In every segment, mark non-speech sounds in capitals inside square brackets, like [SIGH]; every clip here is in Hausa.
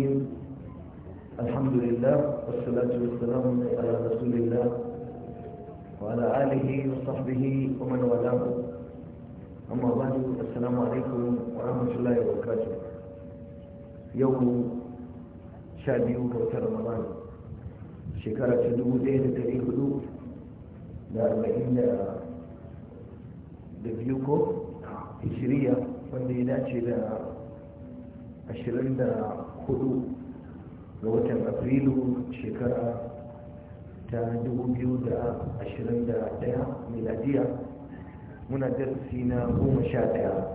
الرجيم الحمد لله والصلاة والسلام على رسول الله وعلى آله وصحبه ومن والاه أما بعد السلام عليكم ورحمة الله وبركاته يوم شادي وكوت رمضان شكرا تدوه دين تريه دو دا أربعين da biyu ko hijiriya wanda ya dace da ashirin da hudu ga watan afrilu shekara ta 2021 miladiya muna darasi na goma sha daya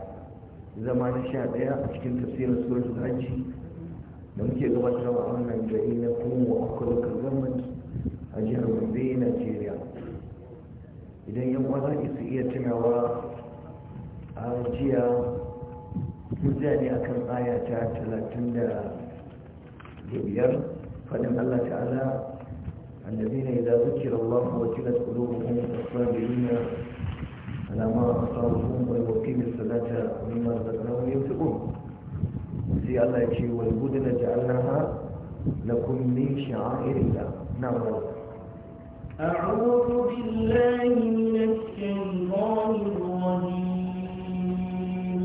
zama na sha daya a cikin tafsirin suratul hajji da muke gabatarwa a wannan gari na kuma wa akwai government a jihar Gombe Najeriya idan yan uwa isa su iya tunawa a jiya mutane ne akan aya ta talatin da كبير fadin الله تعالى الذين إذا ذكر الله وجلت قلوبهم الصابرين على ما أصابهم ويقيم الصلاة مما رزقناهم ينفقون في الله يجي والبدن جعلناها لكم من شعائر الله نعم أعوذ بالله من الشيطان الرجيم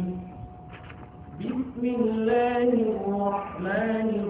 بسم الله الرحمن الرحيم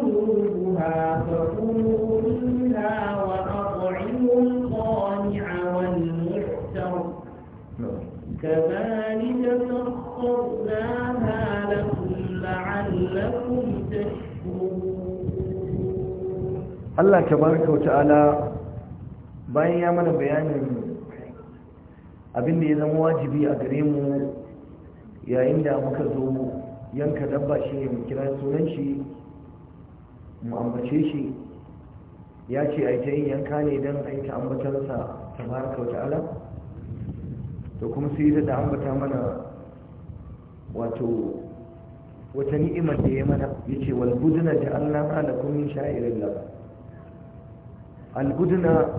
allah ta barka وأطعموا ala bayan ya mana bayanin abin da ya zama wajibi a gare mu yayin da muka zo yanka dabba shi ne mu kira sunan shi mu ambace shi ya ce a ta yin yanka ne don a yi ta ambatarsa ta baraka ala to kuma su yi da ambata mana wato wata ni'imar da ya mana ya ce walbuduna da allah kala min sha'irin la albuduna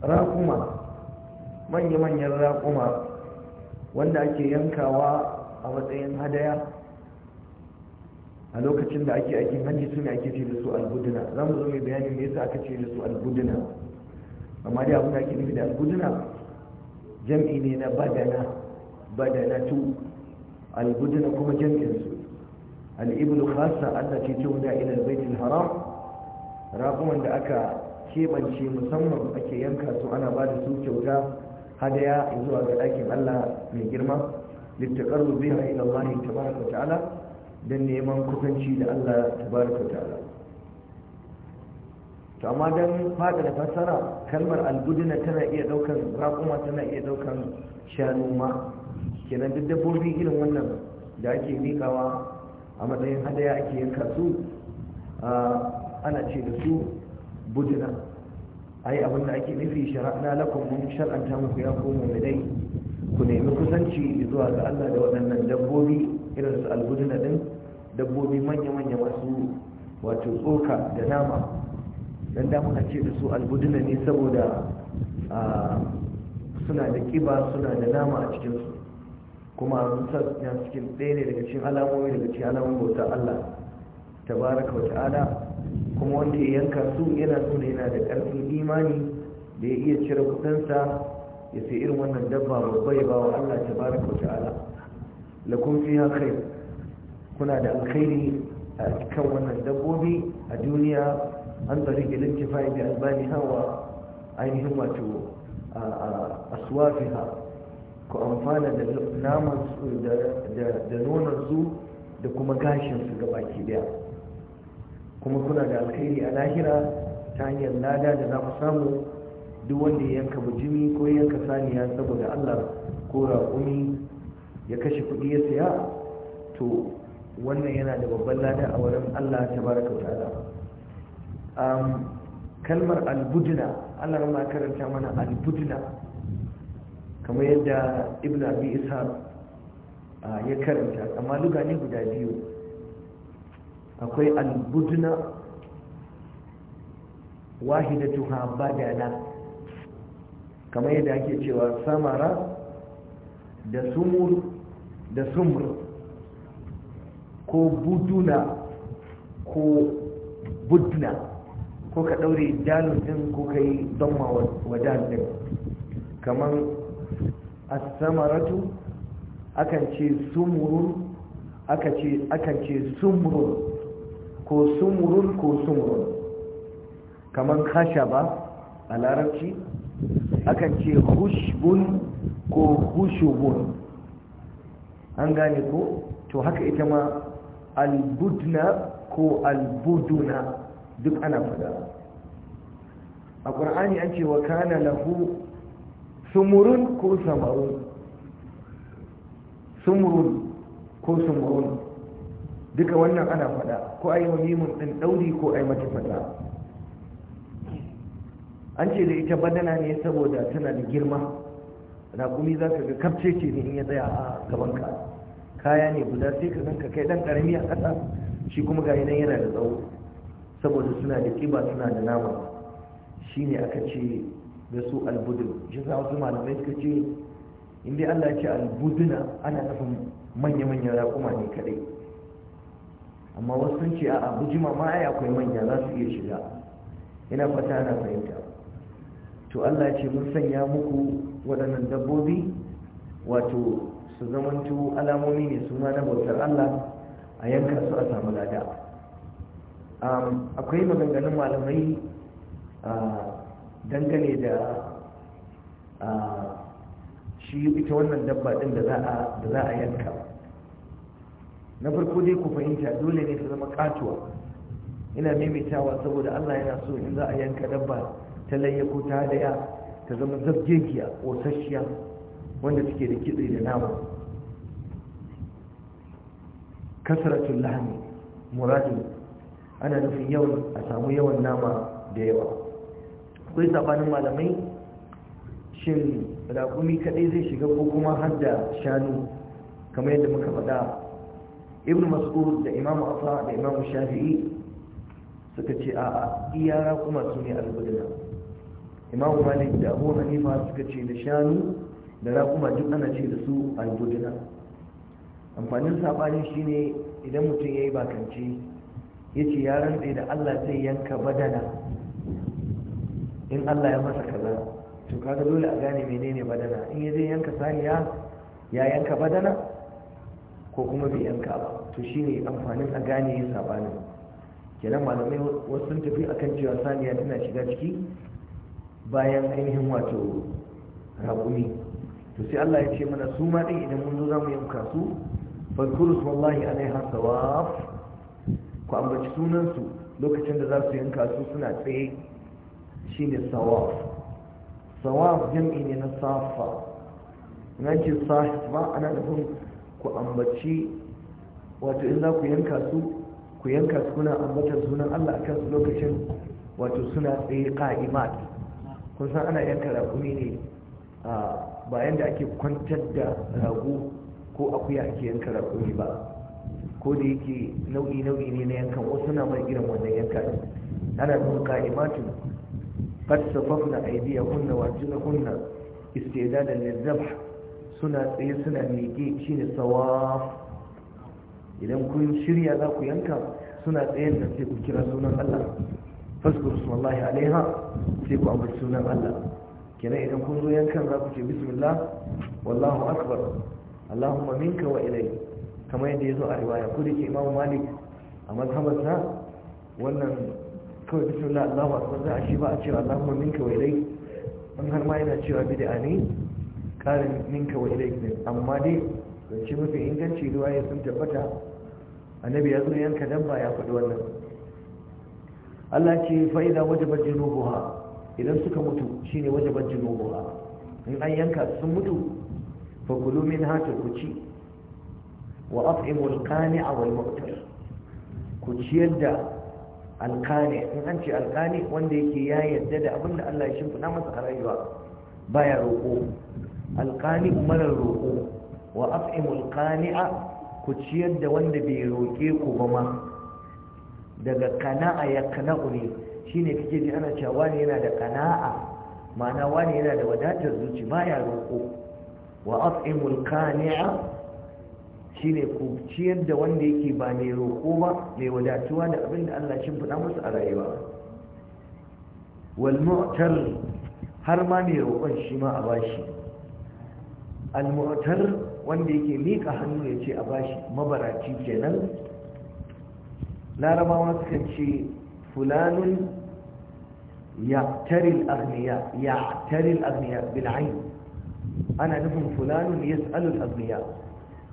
raƙuma manya-manyan raƙuma wanda ake yankawa a matsayin hadaya a lokacin da ake aikin hajji su ne ake ce da su albuduna za mu zo mai bayani me yasa aka ce da su albuduna amma dai abin da ake nufi da albuduna jam'i ne na badana badanatu albuduna kuma jam'in su al'ibulu khasa Allah ce ce wanda ila baitul haram raƙuman da aka keɓance musamman ake yanka su ana ba da su kyauta hadaya zuwa ga ɗakin Allah mai girma littakarru biha ila Allah tabaraka ta'ala don neman kusanci da Allah tabaraka ta'ala to amma don fada da fassara kalmar albuduna tana iya daukan raƙuma tana iya daukan shanu ma kenan duk dabbobi irin wannan da ake miƙawa a matsayin hadaya ake yanka su ana ce da su buduna ai abin da ake nufi shara'na lakum mun shar'anta muku ya ku dai. ku nemi kusanci zuwa ga Allah da waɗannan dabbobi irin su albuduna din dabbobi manya-manya masu wato tsoka da nama don a ce da su albuduna ne saboda suna da kiba suna da nama a cikinsu kuma an sassa cikin ɗaya ne daga cikin alamomi daga cikin alamomi bauta Allah tabaraka wa ta'ala kuma wanda ya yanka su yana suna yana da ƙarfin imani da ya iya cire kudansa ya sai irin wannan dabba babba ya ba wa Allah ta wa ta'ala lakum fiha kai. kuna da alkhairi a kan wannan dabbobi a duniya an tsari gidan lintifai da albani hawa ainihin wato a ha ku amfana da naman su da nonon su da kuma gashin su ga baki daya kuma kuna da alkhairi a lahira ta hanyar lada da za ku samu duk wanda ya yanka bujimi ko yanka saniya saboda allah ko raƙumi ya kashe kuɗi ya saya to wannan yana da babban lada a wurin Allah ta baraka wa ta'ala kalmar albudna Allah ya karanta mana albudna kamar yadda ibn abi ishaq ya karanta amma luga guda biyu akwai albudna wahidatuha badana kamar yadda ake cewa samara da sumur da sumur ko buduna ko budna ko ka ɗaure dalun ɗin ko ka yi damma wa dalun kamar a samaratu akan ce sumurun akan ce sumurun ko sumurun ko sumurun kamar ba, a larabci akan ce hushbun ko hushubun an gane ko to haka ita ma albudna ko albuduna duk ana fada a ƙur'ani an ce wa kana lahu sumurun ko samarun sumurun ko sumurun duka wannan ana fada ko a yi wa mimun ɗin ɗauri ko a yi mata fada an ce da ita badana ne saboda tana da girma raƙumi za ka ga kafce ce ne in ya tsaya a gabanka kaya ne guda sai ka ganka kai dan karami a ƙasa shi kuma ga nan yana da tsawo saboda suna da kiba suna da nama Shi ne aka ce da su albudun shi sa wasu malamai suka ce in dai Allah ce albuduna ana nufin manya-manyan raƙuma ne kadai amma wasu sun ce a bujima ma ai akwai manya za su iya shiga ina fata ana fahimta to Allah ce mun sanya muku waɗannan dabbobi wato su zamanto alamomi ne su ma na bautar Allah a yanka su a samu lada akwai maganganun malamai dangane da shi ita wannan dabba din da za a yanka na farko dai ku fahimta dole ne ta zama katuwa ina maimaitawa saboda Allah yana so in za a yanka dabba ta layya ta daya ta zama zabgegiya sashiya. wanda suke da kitse da nama kasratul lahmi muradin ana nufin yawan a samu yawan nama da yawa akwai sabanin malamai shin raƙumi kaɗai zai shiga ko kuma har da shanu kamar yadda muka faɗa ibn mas'ud da imam afa da imam shafi'i suka ce a iya raƙuma su ne albudina imam malik da abu hanifa suka ce da shanu da raƙuma duk ana ce da su albudina amfanin saɓanin shine idan mutum ya yi bakanci ya ce ya rantse da allah zai yanka badana in allah ya masa kaza to kaga dole a gane menene badana in ya zai yanka saniya ya yanka badana ko kuma bai yanka ba to shine amfanin a gane yin saɓani kenan malamai wasu sun tafi akan cewa saniya tana shiga ciki bayan ainihin wato raƙumi to sai Allah ya ce mana su ma din idan mun zo zamu yanka su fadkuru wallahi alaiha sawaf ku ambaci sunan su lokacin da za su yanka su suna tsaye shine sawaf sawaf jam'i ne na safa ina ce safa ana nufin ku ambaci wato in za ku yanka su ku yanka su kuna ambatar sunan Allah akan su lokacin wato suna tsaye qa'imat kun san ana yanka rakumi ne a ba yadda ake kwantar da rago ko akuya ake yanka rago ne ba ko da yake nau'i nau'i ne na yankan wasu na mai irin wannan yanka ne ana nuna ka'imatun qad safafna kunna wa kunna istidadan lizabh suna tsaye suna miƙe shine sawaf idan kun shirya za ku yanka suna tsaye da sai ku kira sunan Allah fasbur sunallahi alaiha sai ku ambaci sunan Allah kenan idan kun zo yankan za ku ce bismillah wallahu akbar allahumma minka wa ilai kamar yadda ya zo a riwaya ko da ke imamu malik a mazhabarsa wannan kawai bismillah allahu akbar za a shi ba a cewa allahumma minka wa ilai an har ma yana cewa bid'a ne karin minka wa ilai ne amma dai zance mafi inganci riwaya sun tabbata annabi ya zo yanka dabba ya faɗi wannan Allah ce fa'ida wajabar jinubuha idan suka mutu shine wajaban junubuha in an yanka sun mutu fa kulu minha ku ci wa at'imu al-qani'a wal mu'tar ku ciyar da alkane in an ce alkane wanda yake ya yadda da abinda Allah ya shimfiɗa masa a rayuwa baya roƙo alkani marar roƙo wa af'imul qani'a ku ciyar da wanda bai roƙe ku ba ma daga kana'a ya kana'u ne shine kake ji ana cewa wani yana da kana'a ma'ana wani yana da wadatar zuci ya roƙo wa at'imul qani'a shine ku ciyar da wanda yake ba mai roƙo ba mai wadatuwa da abinda da Allah shi fada musu a rayuwa wal mu'tar har ma mai roƙon shi ma a bashi al mu'tar wanda yake miƙa hannu ya ce a bashi mabaraci kenan larabawa sukan ce فلان يعتري الأغنياء يعتري الأغنياء بالعين أنا نفهم فلان يسأل الأغنياء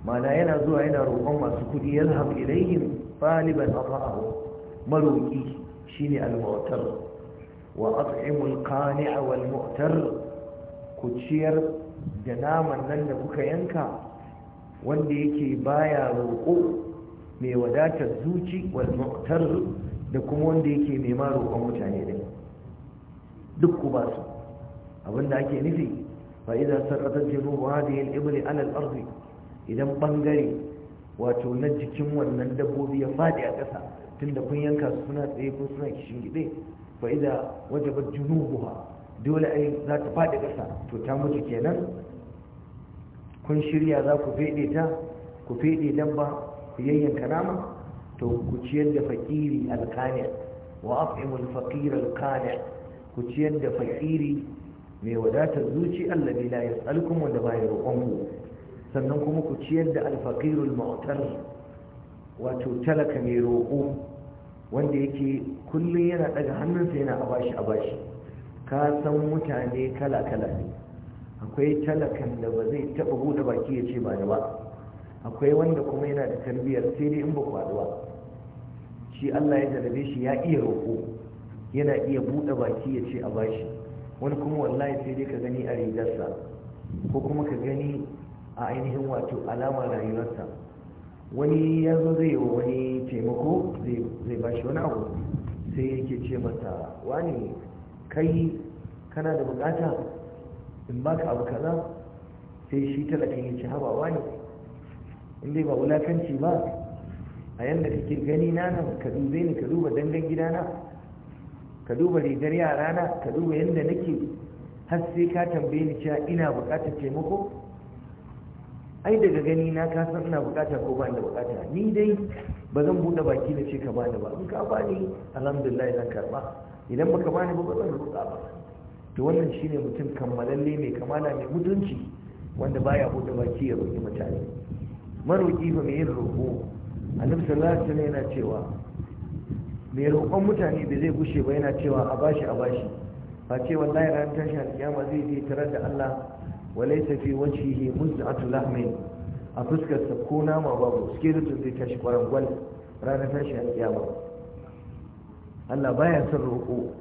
ما لا ينزو عين رقم سكون يذهب إليهم طالبا أضاءه مروكي شيني المعتر وأطعم القانع والمؤتر كتشير جناما لن ينكا wanda بايا baya roƙo mai wadatar zuci da kuma wanda yake mai ma roƙon mutane din duk ku ba su abinda ake nufi fa idan sarratar jinubu hadiyar ibli alal arzi idan ɓangare wato na jikin wannan dabbobi ya faɗi a ƙasa tunda kun yanka su suna tsaye ko suna kishin gide fa idan wajabar junubuha dole ai za ta faɗi ƙasa to ta mutu kenan kun shirya za ku feɗe ta ku feɗe dabba ku yayyanka nama to ku ciyar da fakiri alqani wa at'imul fakir alqani ku ciyar da fakiri mai wadatar zuci allazi ya yas'alukum wanda ba ya roƙon sannan kuma ku ciyar da alfaqirul mu'tar wato talaka mai roƙo wanda yake kullum yana daga hannunsa yana abashi abashi ka san mutane kala kala ne akwai talakan da ba zai taɓa buɗe baki ya ce ba da ba akwai wanda kuma yana da tarbiyyar sai dai in ba kwaɗuwa shi Allah ya jarabe shi ya iya roƙo yana iya buɗe baki ya ce a bashi wani kuma wallahi sai dai ka gani a rigarsa ko kuma ka gani a ainihin wato alamar rayuwarsa wani ya zo zai wa wani taimako zai bashi wani abu sai yake ce masa wani kai kana da bukata in baka abu kaza sai shi talakin ya ci habawa ne in dai ba wulakanci ba a yanda kake gani na nan ka dube ni ka duba dangan na ka duba rigar yara na ka duba yadda nake har sai ka tambaye ni cewa ina buƙatar taimako ai daga gani na ka san ina bukata ko ba da bukata ni dai ba zan bude baki na ce ka bani ba in ka bani alhamdulillah zan karba idan baka bani ba zan roƙa ba to wannan shine mutum kammalalle mai kamala mai mutunci wanda baya bude baki ya roƙi mutane maroƙi ba mai yin roƙo annabi sallallahu alaihi wasallam yana cewa mai roƙon mutane da zai gushe ba yana cewa a bashi a bashi Ba ce wallahi ran tashi alƙiyama zai je tarar da Allah wa laysa fi wajhihi muz'atu lahmin a fuskar sa ko nama babu da zai tashi gwal ranar tashi alƙiyama Allah baya son roƙo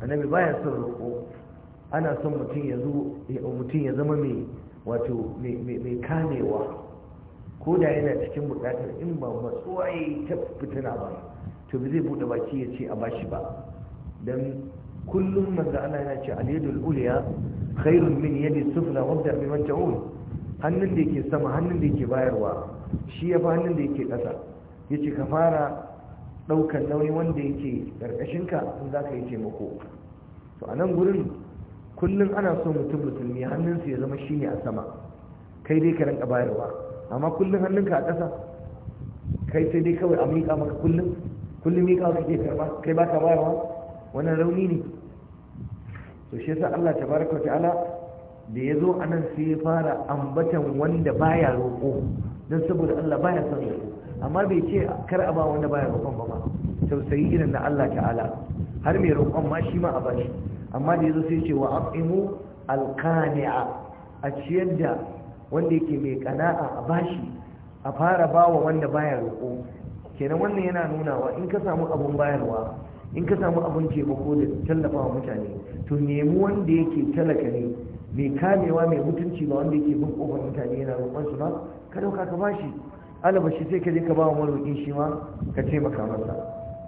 annabi baya son roƙo ana son mutum ya zo mutum ya zama mai wato mai kamewa ko da yana cikin bukatar in ba matsuwa ya ta fitina ba to zai bude baki ya ce a bashi ba Don kullum manzo Allah yana ce al uliya ulya khairun min yadi sufla wabda biman ta'ul hannun da yake sama hannun da yake bayarwa shi ya fi hannun da yake ƙasa ya ce ka fara ɗaukar nauyi wanda yake ka in za ka yi taimako to a nan gurin kullum ana so mutum musulmi hannunsa ya zama shi ne a sama kai dai ka rinka bayarwa amma kullum hannunka a ƙasa kai sai dai kawai a miƙa maka kullum kullum miƙa ke karba kai ba ka bayarwa wannan rauni ne to shi yasa Allah tabaraka ta'ala da ya zo anan sai ya fara ambatan wanda baya roƙo don saboda Allah baya son roƙo amma bai ce kar a ba wanda baya roƙon ba ma tausayi irin na Allah ta'ala har mai roƙon ma shi ma a bashi amma da ya zo sai ce wa aqimu alqani'a a ciyar da wanda yake mai kana'a a bashi a fara bawa wanda baya roƙo kenan wannan yana nunawa in ka samu abun bayarwa in ka samu abun taimako da tallafawa mutane to nemi wanda yake talaka ne mai kamewa mai mutunci ba wanda yake bin kofar mutane yana roƙon su ba ka dauka ka bashi alaba shi sai ka je ka ba wa maroƙin shi ma ka taimaka masa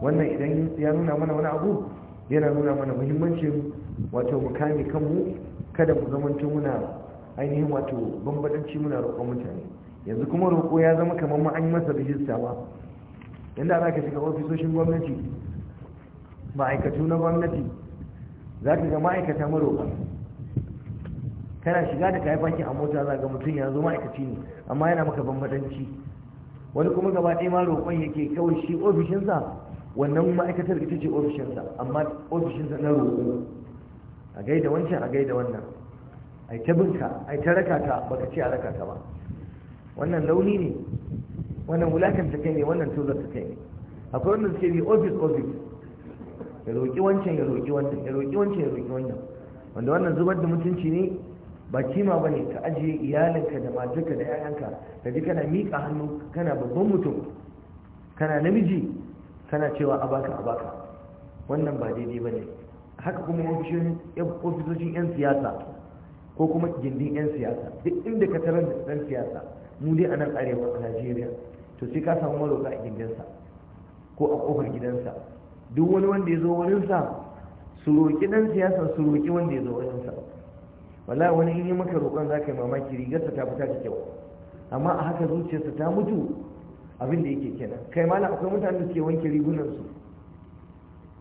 wannan idan ya nuna mana wani abu yana nuna mana muhimmancin wato mu kame kanmu kada mu zamanto muna ainihin wato bambadanci muna roƙon mutane yanzu kuma roƙo ya zama kamar ma an yi masa rijista ba yanda za ka shiga ofisoshin gwamnati ma'aikatu na gwamnati za ka ga ma'aikata maroƙa kana shiga da kayi bakin a mota za ga mutum ya zo ma'aikaci ne amma yana maka bambadanci wani kuma gaba ɗaya ma roƙon yake kawai shi ofishinsa wannan ma'aikatar ita ce ofishinsa amma ofishinsa na roƙo a gaida wancan a gaida wannan ai ta binka ai ta raka ta baka ce a raka ta ba wannan launi ne wannan ta kai ne wannan ta kai ne akwai wanda suke bi ofis ofis ya roƙi wancan ya roƙi wancan ya roƙi wancan ya roƙi wancan wanda wannan zubar da mutunci ne ba kima ba ne ka ajiye iyalinka da matarka da 'ya'yanka ka ji kana miƙa hannu kana babban mutum kana namiji kana cewa a baka a baka wannan ba daidai ba ne haka kuma ofisoshin 'yan siyasa ko kuma gindin 'yan siyasa duk inda ka tarar da ɗan siyasa mu dai a nan arewa a najeriya to sai ka samu maroka a gindinsa ko a ƙofar gidansa duk wani wanda ya zo wurinsa su roƙi ɗan siyasa su roƙi wanda ya zo wurinsa wala wani in yi maka roƙon za ka yi mamaki rigarsa ta fita da kyau amma a haka zuciyarsa ta mutu abin da yake kenan kai malam akwai mutanen da suke wanke rigunansu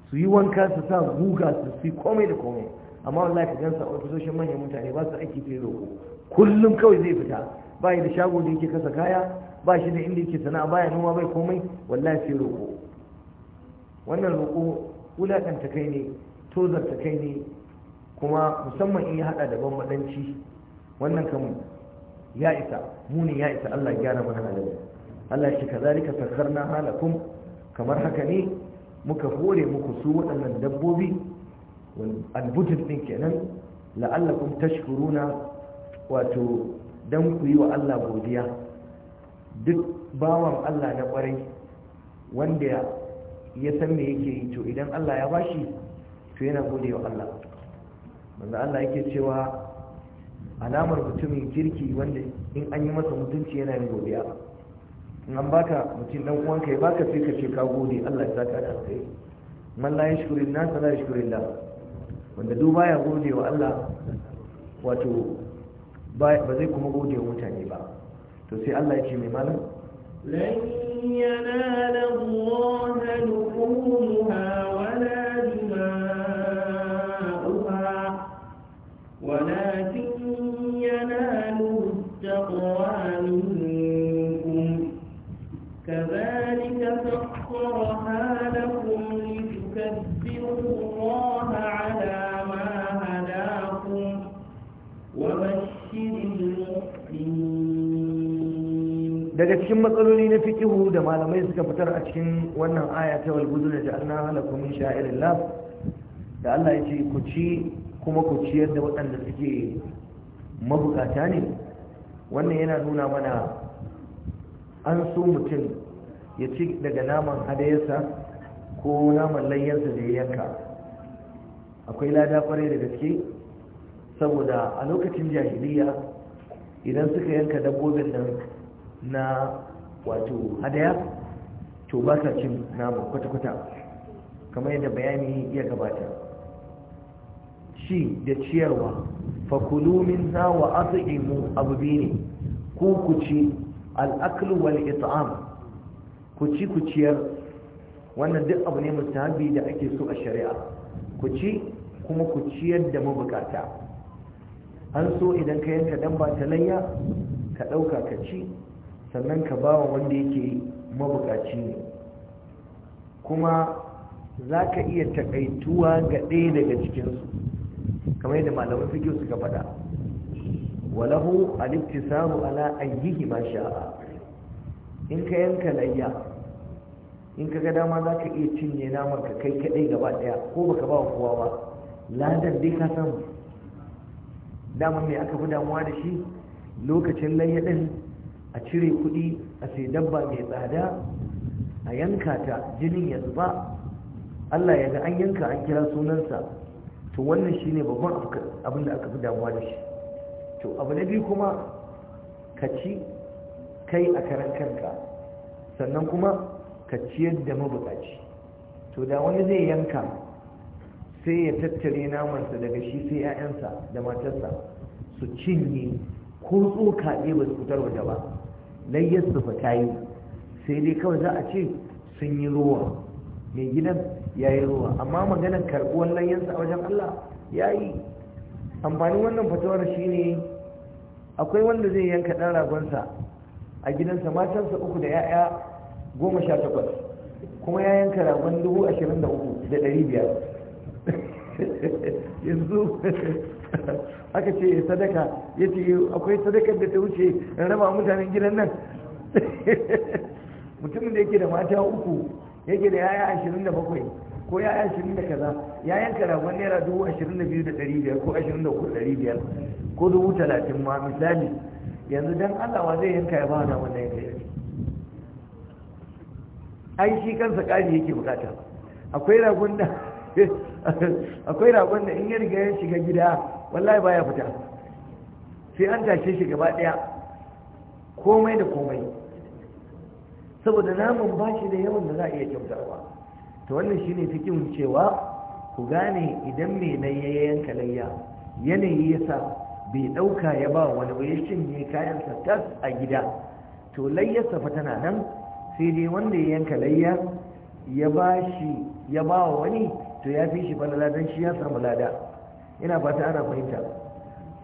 su yi wanka su sa guga su fi komai da komai amma wallahi ka gansa ofisoshin manyan mutane ba su aiki fiye roko kullum kawai zai fita ba da shago da yake kasa kaya ba shi da inda yake sana'a baya noma bai komai wallahi sai roko wannan roko wulaƙanta kai ne tozarta kai ne kuma musamman in ya haɗa da bambaɗanci wannan kan ya isa muni ya isa Allah gyara mana halin Allah shi ka zalika sakharna halakum kamar haka ne muka hore muku su waɗannan dabbobi al-bujur din kenan la'allakum tashkuruna wato dan ku yi wa Allah godiya duk bawan Allah na kwarai wanda ya san me yake yi to idan Allah ya bashi to yana gode wa Allah manzo Allah yake cewa alamar mutumin kirki wanda in an yi masa mutunci yana yin godiya in an baka mutum dan uwanka ya baka sai ka ce ka gode Allah ya saka da kai man la yashkuru an-nas la yashkuru Allah wanda duk ya gode wa Allah wato ba zai kuma gode wa mutane ba to sai Allah ya ce mai malam lan yanala Allah luhumha cikin matsaloli na fikihu da malamai suka fitar a cikin wannan aya ta walgudu da ja'alna halakum min sha'irillah da Allah ya ce ku ci kuma ku ciyar da waɗanda suke mabukata ne wannan yana nuna mana an so mutum ya ci daga naman hadayarsa ko naman layyarsa da ya yanka akwai lada kwarai da gaske saboda a lokacin jahiliya idan suka yanka dabbobin nan na wato hadaya to ba sa cin namu kwata-kwata kamar yadda bayani ya gabata shi da ciyarwa fakulu min ha wa abu ne ku ku ci al'aklu wal it'am ku ci ku ciyar wannan duk abu ne mustahabi da ake so a shari'a ku ci kuma ku ciyar da mabukata an so idan ka yanka dan ba ta layya ka ɗauka ka ci sannan ka ba wa wanda yake mabukaci ne kuma za ka iya takaituwa ga ɗaya daga cikinsu kamar yadda malamin fikiyo suka faɗa walahu alifti samu ala ayyihi ma sha'a in ka yanka layya in ka ga dama za ka iya cinye namar ka kai kaɗai gaba ɗaya ko baka ba wa kowa ba ladan dai ka samu daman mai aka fi damuwa da shi lokacin layya ɗin a cire kuɗi a sai dabba mai tsada a yanka ta jinin ya zuba Allah ya ga an yanka an kira sunansa to wannan shi ne babban abin da aka fi damuwa da shi to abu na biyu kuma ka ci kai a karan kanka sannan kuma ka ciyar da mabukaci to da wani zai yanka sai ya tattare namansa daga shi sai 'ya'yansa da matarsa su cinye ko tsoka ne ba su fitar waje ba layyarsu fa ta yi sai dai kawai za a ce sun yi ruwa mai gidan ya yi ruwa amma maganar karɓuwar layyarsa a wajen Allah ya yi amfanin wannan fatawar shi ne akwai wanda zai yanka ɗan ragonsa a gidansa matansa uku da 'ya'ya goma sha takwas kuma ya yanka ragon dubu ashirin da uku da ɗari biyar [LAUGHS] yanzu aka ce sadaka ya ce akwai sadakar da ta wuce raba mutanen gidan nan [LAUGHS] mutumin da yake da mata uku yake da yaya ashirin da bakwai ko yaya ashirin da kaza yayan karagon naira dubu ashirin da biyu da ɗari biyar ko ashirin da uku ɗari biyar ko dubu talatin ma misali yanzu dan allah wa zai yanka ya ba na wannan yanka yanzu ai shi kansa ƙari yake bukata akwai ragon da [LAUGHS] akwai ragon da in ya riga ya shiga gida wallahi baya fita sai an tashe shi gaba daya komai da komai saboda namun bashi da yawan da za a iya kyautarwa to wannan shine fikin cewa ku gane idan mai nan ya yanka layya yanayi yasa bai ɗauka ya ba wani ba ya cinye kayansa tas a gida to layyarsa fa tana nan sai dai wanda ya yanka layya ya ba shi ya ba wani to ya fi shi falala don shi ya samu lada ina fata ana fahimta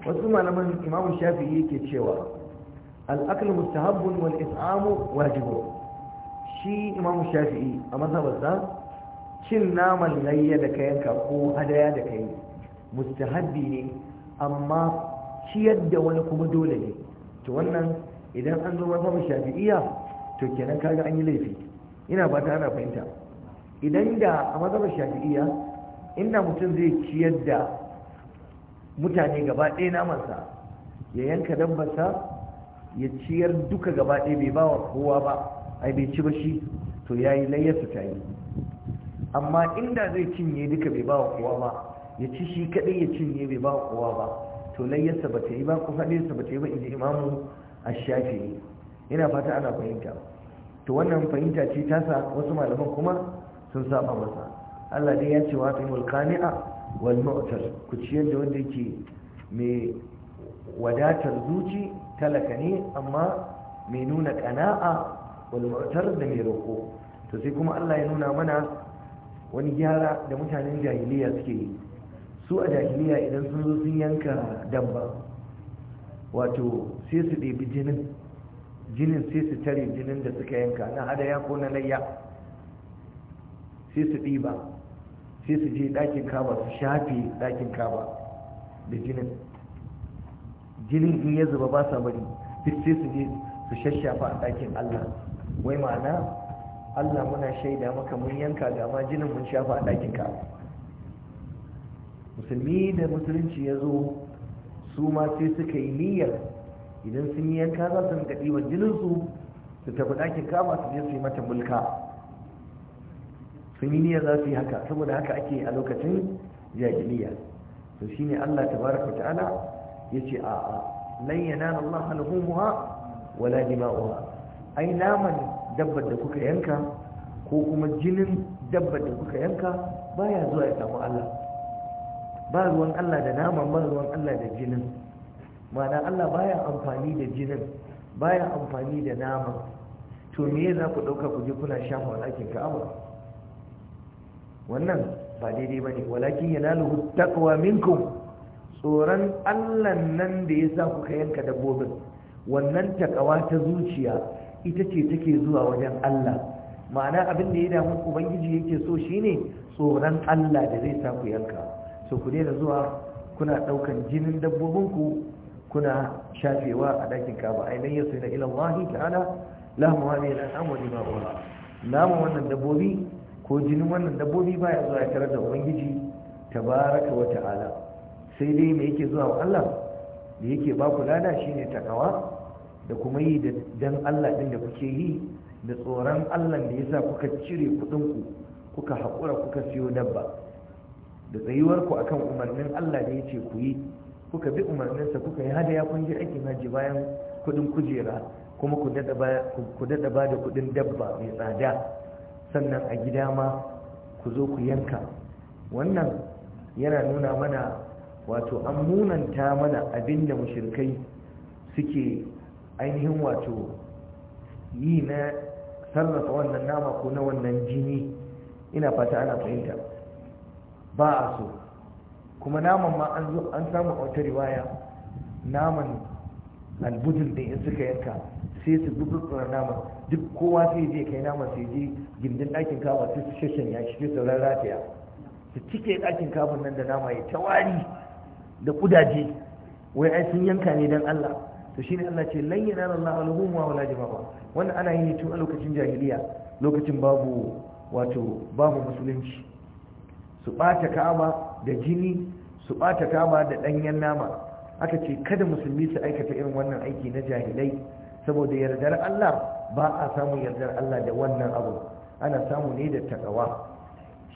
wasu malaman imamu shafi'i yake cewa al'akal mustahabbun wal is'amu wajibun shi imamu shafi'i a mazhabarsa cin naman layya da kayanka ko hadaya da kai mustahabbi ne amma ciyar da wani kuma dole ne to wannan idan an zo mazhabar shafi'iya to kenan kaga an yi laifi ina fata ana fahimta idan da a mazhabar shafi'iyya inda mutum zai ciyar da mutane gaba ɗaya namansa ya yanka dabbarsa ya ciyar duka gaba ɗaya bai ba wa kowa ba ai bai ci ba shi to ya yi layyarsa ta yi amma inda zai cinye duka bai ba wa kowa ba ya ci shi kaɗai ya cinye bai ba wa kowa ba to layyarsa ba ta yi ba ko layyarsa ba ta yi ba inji imamu a shafi. ina fata ana fahimta to wannan fahimta ce ta sa wasu malaman kuma sun saba masa Allah dai ya ce wa fi mulkani'a wal mu'tar ku ci yadda wanda yake mai wadatar zuci talaka ne amma mai nuna qana'a wal mu'tar da mai roko to sai kuma Allah ya nuna mana wani gyara da mutanen jahiliya suke yi su a jahiliya idan sun zo sun yanka dabba wato sai su ɗebi jinin jinin sai su tare jinin da suka yanka na hadaya ko na layya sai su ɗiba sai su je ɗakin kaba su shafe ɗakin kaba da jinin jinin in ya zuba ba sa bari duk sai su je su shashafa a ɗakin allah wai ma'ana allah muna shaida maka mun yanka ga ma jinin mun shafa a ɗakin kaba musulmi da musulunci ya zo su ma sai suka yi niyyar idan sun yi yanka za su rinka ɗiban jininsu su tafi ɗakin kaba su je su yi mata mulka sun yi za su yi haka saboda haka ake a lokacin jahiliya to ne Allah tabaraka ta'ala yace a a lan yanala Allah lahumuha wala dima'uha ai naman dabbar da kuka yanka ko kuma jinin dabbar da kuka yanka baya zuwa ya samu Allah ba ruwan Allah da naman ba ruwan Allah da jinin ma'ana Allah baya amfani da jinin baya amfani da naman to me za ku ɗauka ku je kuna shafa wa ɗakin ka'aba wannan ba daidai ba ne walakin yana luhu minkum tsoron allan nan da ya sa kuka yanka dabbobin wannan takawa ta zuciya ita ce take zuwa wajen allah ma'ana abin da ya damu ubangiji yake so shine tsoron allah da zai sa ku yanka so ku daina zuwa kuna ɗaukan jinin dabbobinku kuna shafewa a ɗakin kaba ainihin yasu na ilallahi ta'ala lamu hannun al'amuri ma'ura lamu wannan dabbobi ko jinin wannan dabbobi baya zuwa ya tarar da ubangiji tabaraka wa ta'ala sai dai me yake zuwa wa Allah da yake ba ku lada shine takawa da kuma yi da dan Allah din da kuke yi da tsoron Allah da yasa kuka cire kudin ku kuka hakura kuka siyo dabba da tsayuwar ku akan umarnin Allah da yake ku yi kuka bi umarninsa kuka yi hada kun je aikin haji bayan kudin kujera kuma ku dada ba da kudin dabba mai tsada sannan a gida ma ku zo ku yanka wannan yana nuna mana wato an munanta mana abin da mushirkai suke ainihin wato yi na sarrafa wannan nama ko na wannan jini ina fata ana fahimta ba a so kuma naman ma an zo an samu a wata riwaya naman albudul da in suka yanka sai su gudunar naman duk kowa sai je kai nama sai je gindin ɗakin kama sai su shashen ya shi sauran rafiya su cike ɗakin kama nan da nama ya tawari da kudaje wai ai sun yanka ne dan Allah to shine Allah ce lan yanala Allah alhum wa wala jama'a wannan ana yi tun a lokacin jahiliya lokacin babu wato babu musulunci su bata kama da jini su bata kama da ɗanyen nama aka ce kada musulmi su aikata irin wannan aiki na jahilai saboda yardar Allah ba a samun yardar Allah da wannan abu ana samu ne da takawa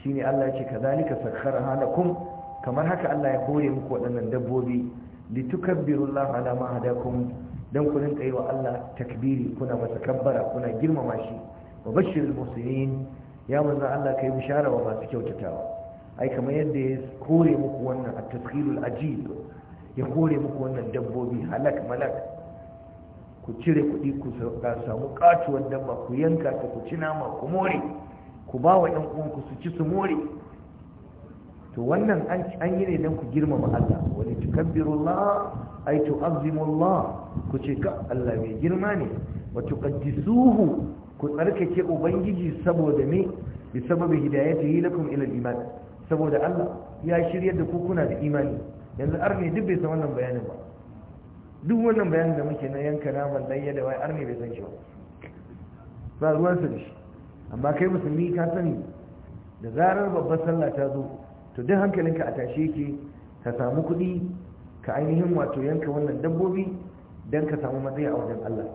ne Allah ce, ka kazalika sakharaha lakum kamar haka Allah ya kore muku waɗannan dabbobi litukabbirullaha ala ma hadakum dan ku rinka yi wa Allah takbiri kuna masa kabbara kuna girmama shi wa bashirul muslimin ya manzo Allah kai bishara wa masu kyautatawa ai kamar yadda ya kore muku wannan at-taskhirul ajib ya kore muku wannan dabbobi halak malak ku cire kuɗi ku samu katuwar dabba ku yanka ta ku ci nama ku more ku ba wa 'yan uwanku su ci su more to wannan an yi ne don ku girmama Allah wani tukabbirullah ai azimullah ku ce ka Allah mai girma ne wa tuqaddisuhu ku tsarkake ubangiji saboda me bi sababi hidayatihi lakum ila al-iman saboda Allah ya shiryar da ku kuna da imani yanzu arme duk bai san wannan bayanin ba duk wannan bayanin da muke na yanka naman layya da wai ne bai san shi ba ba ruwan su dashi amma kai musulmi ka sani da zarar babbar sallah ta zo to duk hankalinka a tashe yake ka samu kuɗi ka ainihin wato yanka wannan dabbobi dan ka samu matsayi a wajen Allah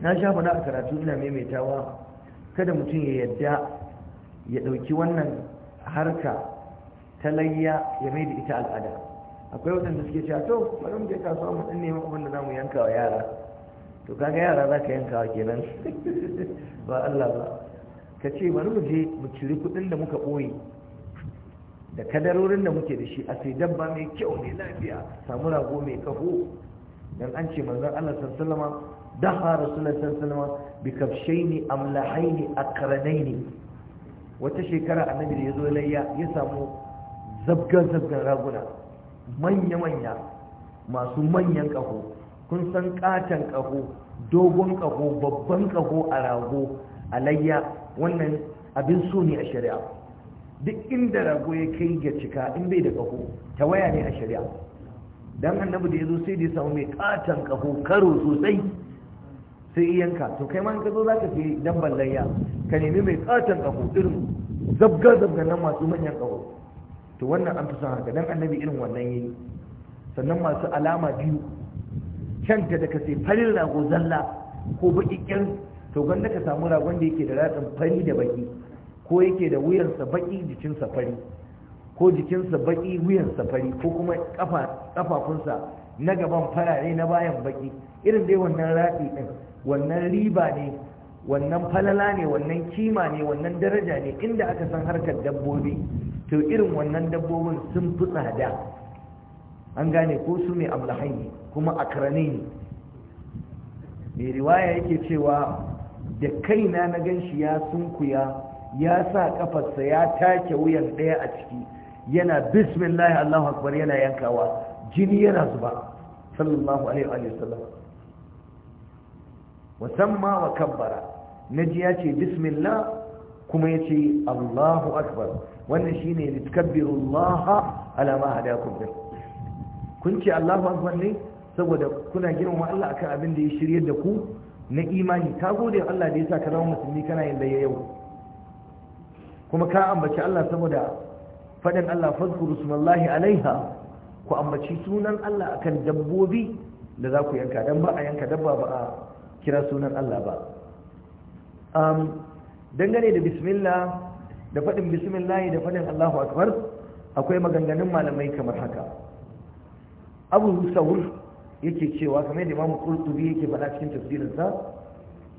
na sha faɗa a karatu ina maimaitawa kada mutum ya yadda ya ɗauki wannan harka ta layya ya mai da ita al'ada akwai waɗanda suke cewa to bari mu je kasuwa mu ɗan nemi abin da zamu yanka wa yara to kaga yara za ka yanka wa kenan [LAUGHS] ba Allah ba ka ce bari mu je mu ciri kuɗin da muka ɓoye da kadarorin da muke da shi a sai dabba mai kyau mai lafiya samu rago mai kafo dan an ce manzon Allah sallallahu daha rasulullah sallallahu bi kafshaini amlahaini akranaini wata shekara annabi da yazo layya ya samu zabgan zabgan raguna manya-manya masu manyan ƙaho kun san ƙaton ƙaho dogon ƙaho babban ƙaho a rago alayya wannan abin so ne a shari'a duk inda rago ya kai ga cika in bai da ƙaho ta waya ne a shari'a don annabi da ya zo sai da ya samu mai ƙaton ƙaho karo sosai sai yanka to kai ma ka zo za ka fi dabban layya ka nemi mai ƙaton ƙaho irin zabga zabga nan masu manyan ƙaho to wannan an fi son haka dan annabi irin wannan yayi sannan masu alama biyu canta da ka sai farin rago zalla ko bakikin to gwanda ka samu ragon da yake da ratsin fari da baki ko yake da wuyansa baki jikinsa fari ko jikinsa baki wuyansa fari ko kuma kafafunsa na gaban farare na bayan baki irin dai wannan rafi din wannan riba ne wannan falala ne wannan kima ne wannan daraja ne inda aka san harkar dabbobi to irin wannan dabbobin sun fi tsada an gane ko su mai amlahai ne kuma akarane ne mai riwaya yake cewa da kaina na ganshi ya sunkuya ya sa kafarsa ya take wuyan ɗaya a ciki yana bismillah allahu akbar yana yankawa jini yana zuba sallallahu alaihi wa sallam wasamma wa kabbara naji ya ce bismillah kuma ya ce allahu akbar wannan shine litukabbirullaha ala alama hadakum bih kun ce allahu akbar ne saboda kuna girmama Allah akan abin da ya shirya da ku na imani ka gode Allah da ya sa ka zama musulmi kana yin layya yau kuma ka ambaci Allah saboda faɗin Allah fadkuru sunallahi alaiha ku ambaci sunan Allah akan dabbobi da za ku yanka dan ba a yanka dabba ba a kira sunan Allah ba um, dangane da bismillah da faɗin bismillah da faɗin Allahu akbar akwai maganganun malamai kamar haka abu sa'ur yake cewa kamar da imamu qurtubi yake faɗa cikin tafsirinsa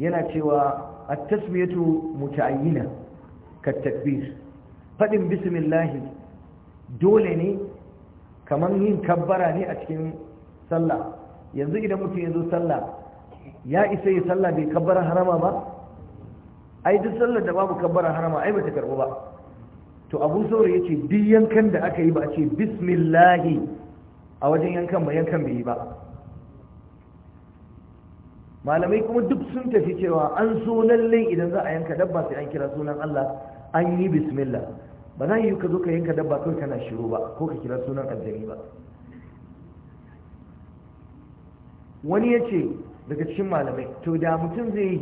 yana cewa at-tasmiyatu muta'ayyina ka takbir faɗin bismillah dole ne kamar yin kabbara ne a cikin sallah yanzu idan mutum ya zo sallah ya isa yi sallah bai kabbara harama ba ai duk sallar da babu kabbar harama ai bata karbu ba to abu saura ya ce duk yankan da aka yi ba a ce bismillahi a wajen yankan ba yankan bai yi ba malamai kuma duk sun tafi cewa an so lallai idan za a yanka dabba sai an kira sunan Allah an yi bismillah ba za yi ka zo ka yanka dabba kai kana shiru ba ko ka kira sunan aljani ba wani ya daga cikin malamai to da mutum zai yi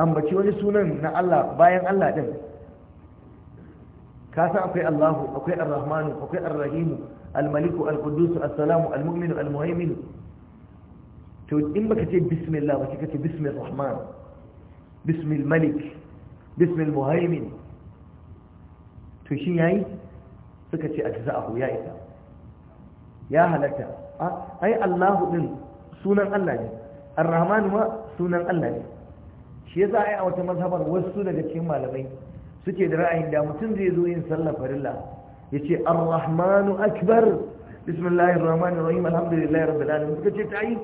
ambaci wani sunan na Allah bayan Allah din ka san akwai Allahu akwai Ar-Rahmanu akwai Ar-Rahimu Al-Maliku Al-Quddus As-Salamu Al-Mu'minu Al-Muhaimin to in baka ce bismillah ba kika ce bismir rahman bismil malik bismil muhaimin to shin yayi suka ce ajza'ahu ya isa ya halatta ai Allahu din sunan Allah ne ar-rahman ma sunan Allah ne shi yasa ai a wata mazhabar wasu daga cikin malamai suke da ra'ayin da mutum zai zo yin sallah farilla yace ar-rahmanu akbar bismillahir rahmanir rahim alhamdulillahi rabbil alamin suka ce ta yi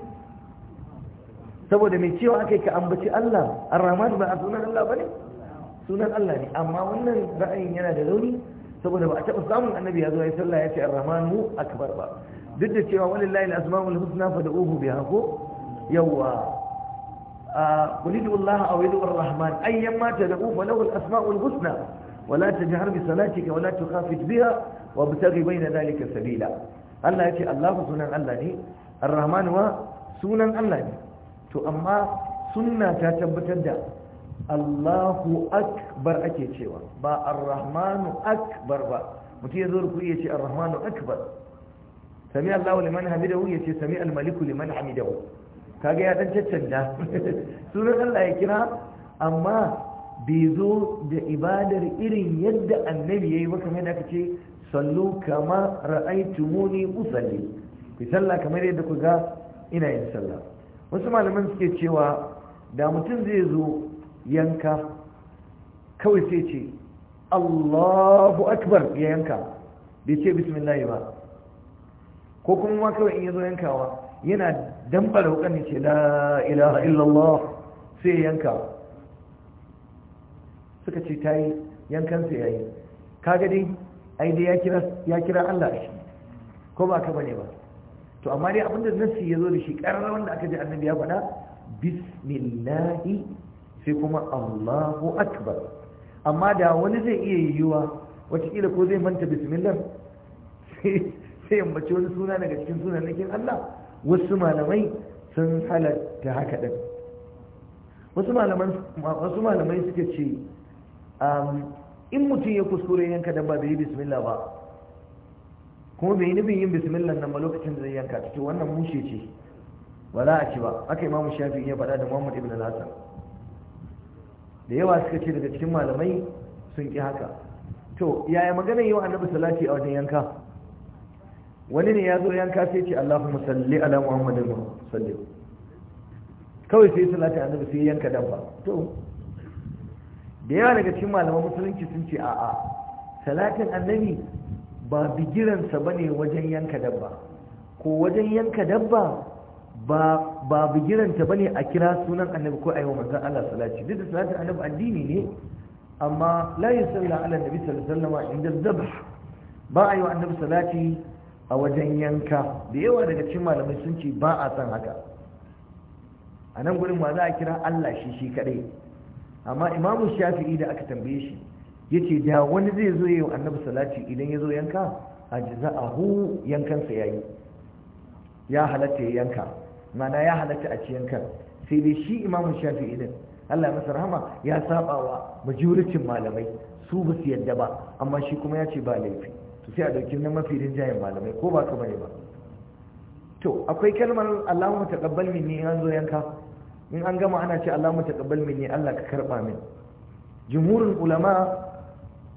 saboda mai cewa akai ka ambaci Allah ar-rahman ba sunan Allah bane sunan Allah ne amma wannan ra'ayin yana da rauni saboda ba a taɓa samun annabi ya zo ya sallah ya ce ar-rahmanu akbar ba duk da cewa walillahi al-asma'ul husna fad'uhu biha ko yawa قل ادعوا الله او ادعوا الرحمن ايا ما تدعوا wala الاسماء الحسنى ولا تجهر بصلاتك ولا na بها وابتغ بين ذلك سبيلا الله يتي sunan Allah الله ar الرحمن و sunan Allah ني to amma sunna ta tabbatar da Allahu akbar ake cewa ba ar-rahmanu akbar ba mutum yazo ruku yace ar-rahmanu akbar sami Allahu liman hamidahu yace sami al-maliku liman hamidahu kaga ya dan caccanta sunan Allah ya kira amma bai zo da ibadar irin yadda annabi yayi ba kamar da kace sallu kama ra'aytumuni usalli ki sallah kamar yadda ku ga ina yin sallah wasu malaman suke cewa da mutum zai zo yanka kawai sai ce Allahu akbar ya yanka bai ce bismillah ba ko kuma ma kawai in yazo yankawa yana dan fara hukani ce la ilaha illallah sai yanka suka ce tayi yankan sai yayi kaga dai ai dai ya kira ya kira Allah shi ko ba ka bane ba to amma dai abinda nasi yazo da shi karrar wanda aka ji annabi ya faɗa bismillahi sai kuma Allahu akbar amma da wani zai iya yiwuwa watakila ko zai manta bismillah sai yammaci wani suna daga cikin sunan nakin Allah wasu malamai sun halatta haka ɗin wasu malamai suka ce um, in mutum ya kuskure yanka ba da yi bismillah ba kuma bai nufin yin bismillah nan ba lokacin da zai yanka cikin wannan mushe ce ba za a ci ba aka imamu shafi iya faɗa da muhammad ibn al hassan da yawa suka ce daga cikin malamai sun ƙi haka to yaya magana yau annabi salati a wajen yanka wani ne ya zo yanka sai ce Allahumma salli ala Muhammadin salli kawai sai salati annabi sai yanka dabba to da yawa daga cikin malaman musulunci sun ce a'a salatin annabi ba bigiransa ba ne wajen yanka dabba ko wajen yanka dabba ba bigiranta ba ne a kira sunan annabi ko ayi wa manzon Allah salati duk da salatin annabi addini ne amma la yusalla ala annabi sallallahu alaihi wasallam inda dhabh ba a yi wa annabi salati a wajen yanka da yawa daga cikin malamai sun ce ba a san haka a nan gudun ma za a kira Allah shi shi kadai amma imamu shafi'i da aka tambaye shi yace da wani zai zo yayin annabi salati idan ya zo yanka a hu yankansa ya yi. ya halatta ya yanka mana ya halatta a ci yankan sai dai shi imamu shafi'i din Allah masa rahama ya wa majoritin malamai su ba su yadda ba amma shi kuma ya ce ba laifi sai a dauki na mafi rinjayen malamai ko ba ka bane ba to akwai kalmar Allahumma taqabbal minni an zo yanka in an gama ana ce Allahumma taqabbal minni Allah ka karba min jumhurin ulama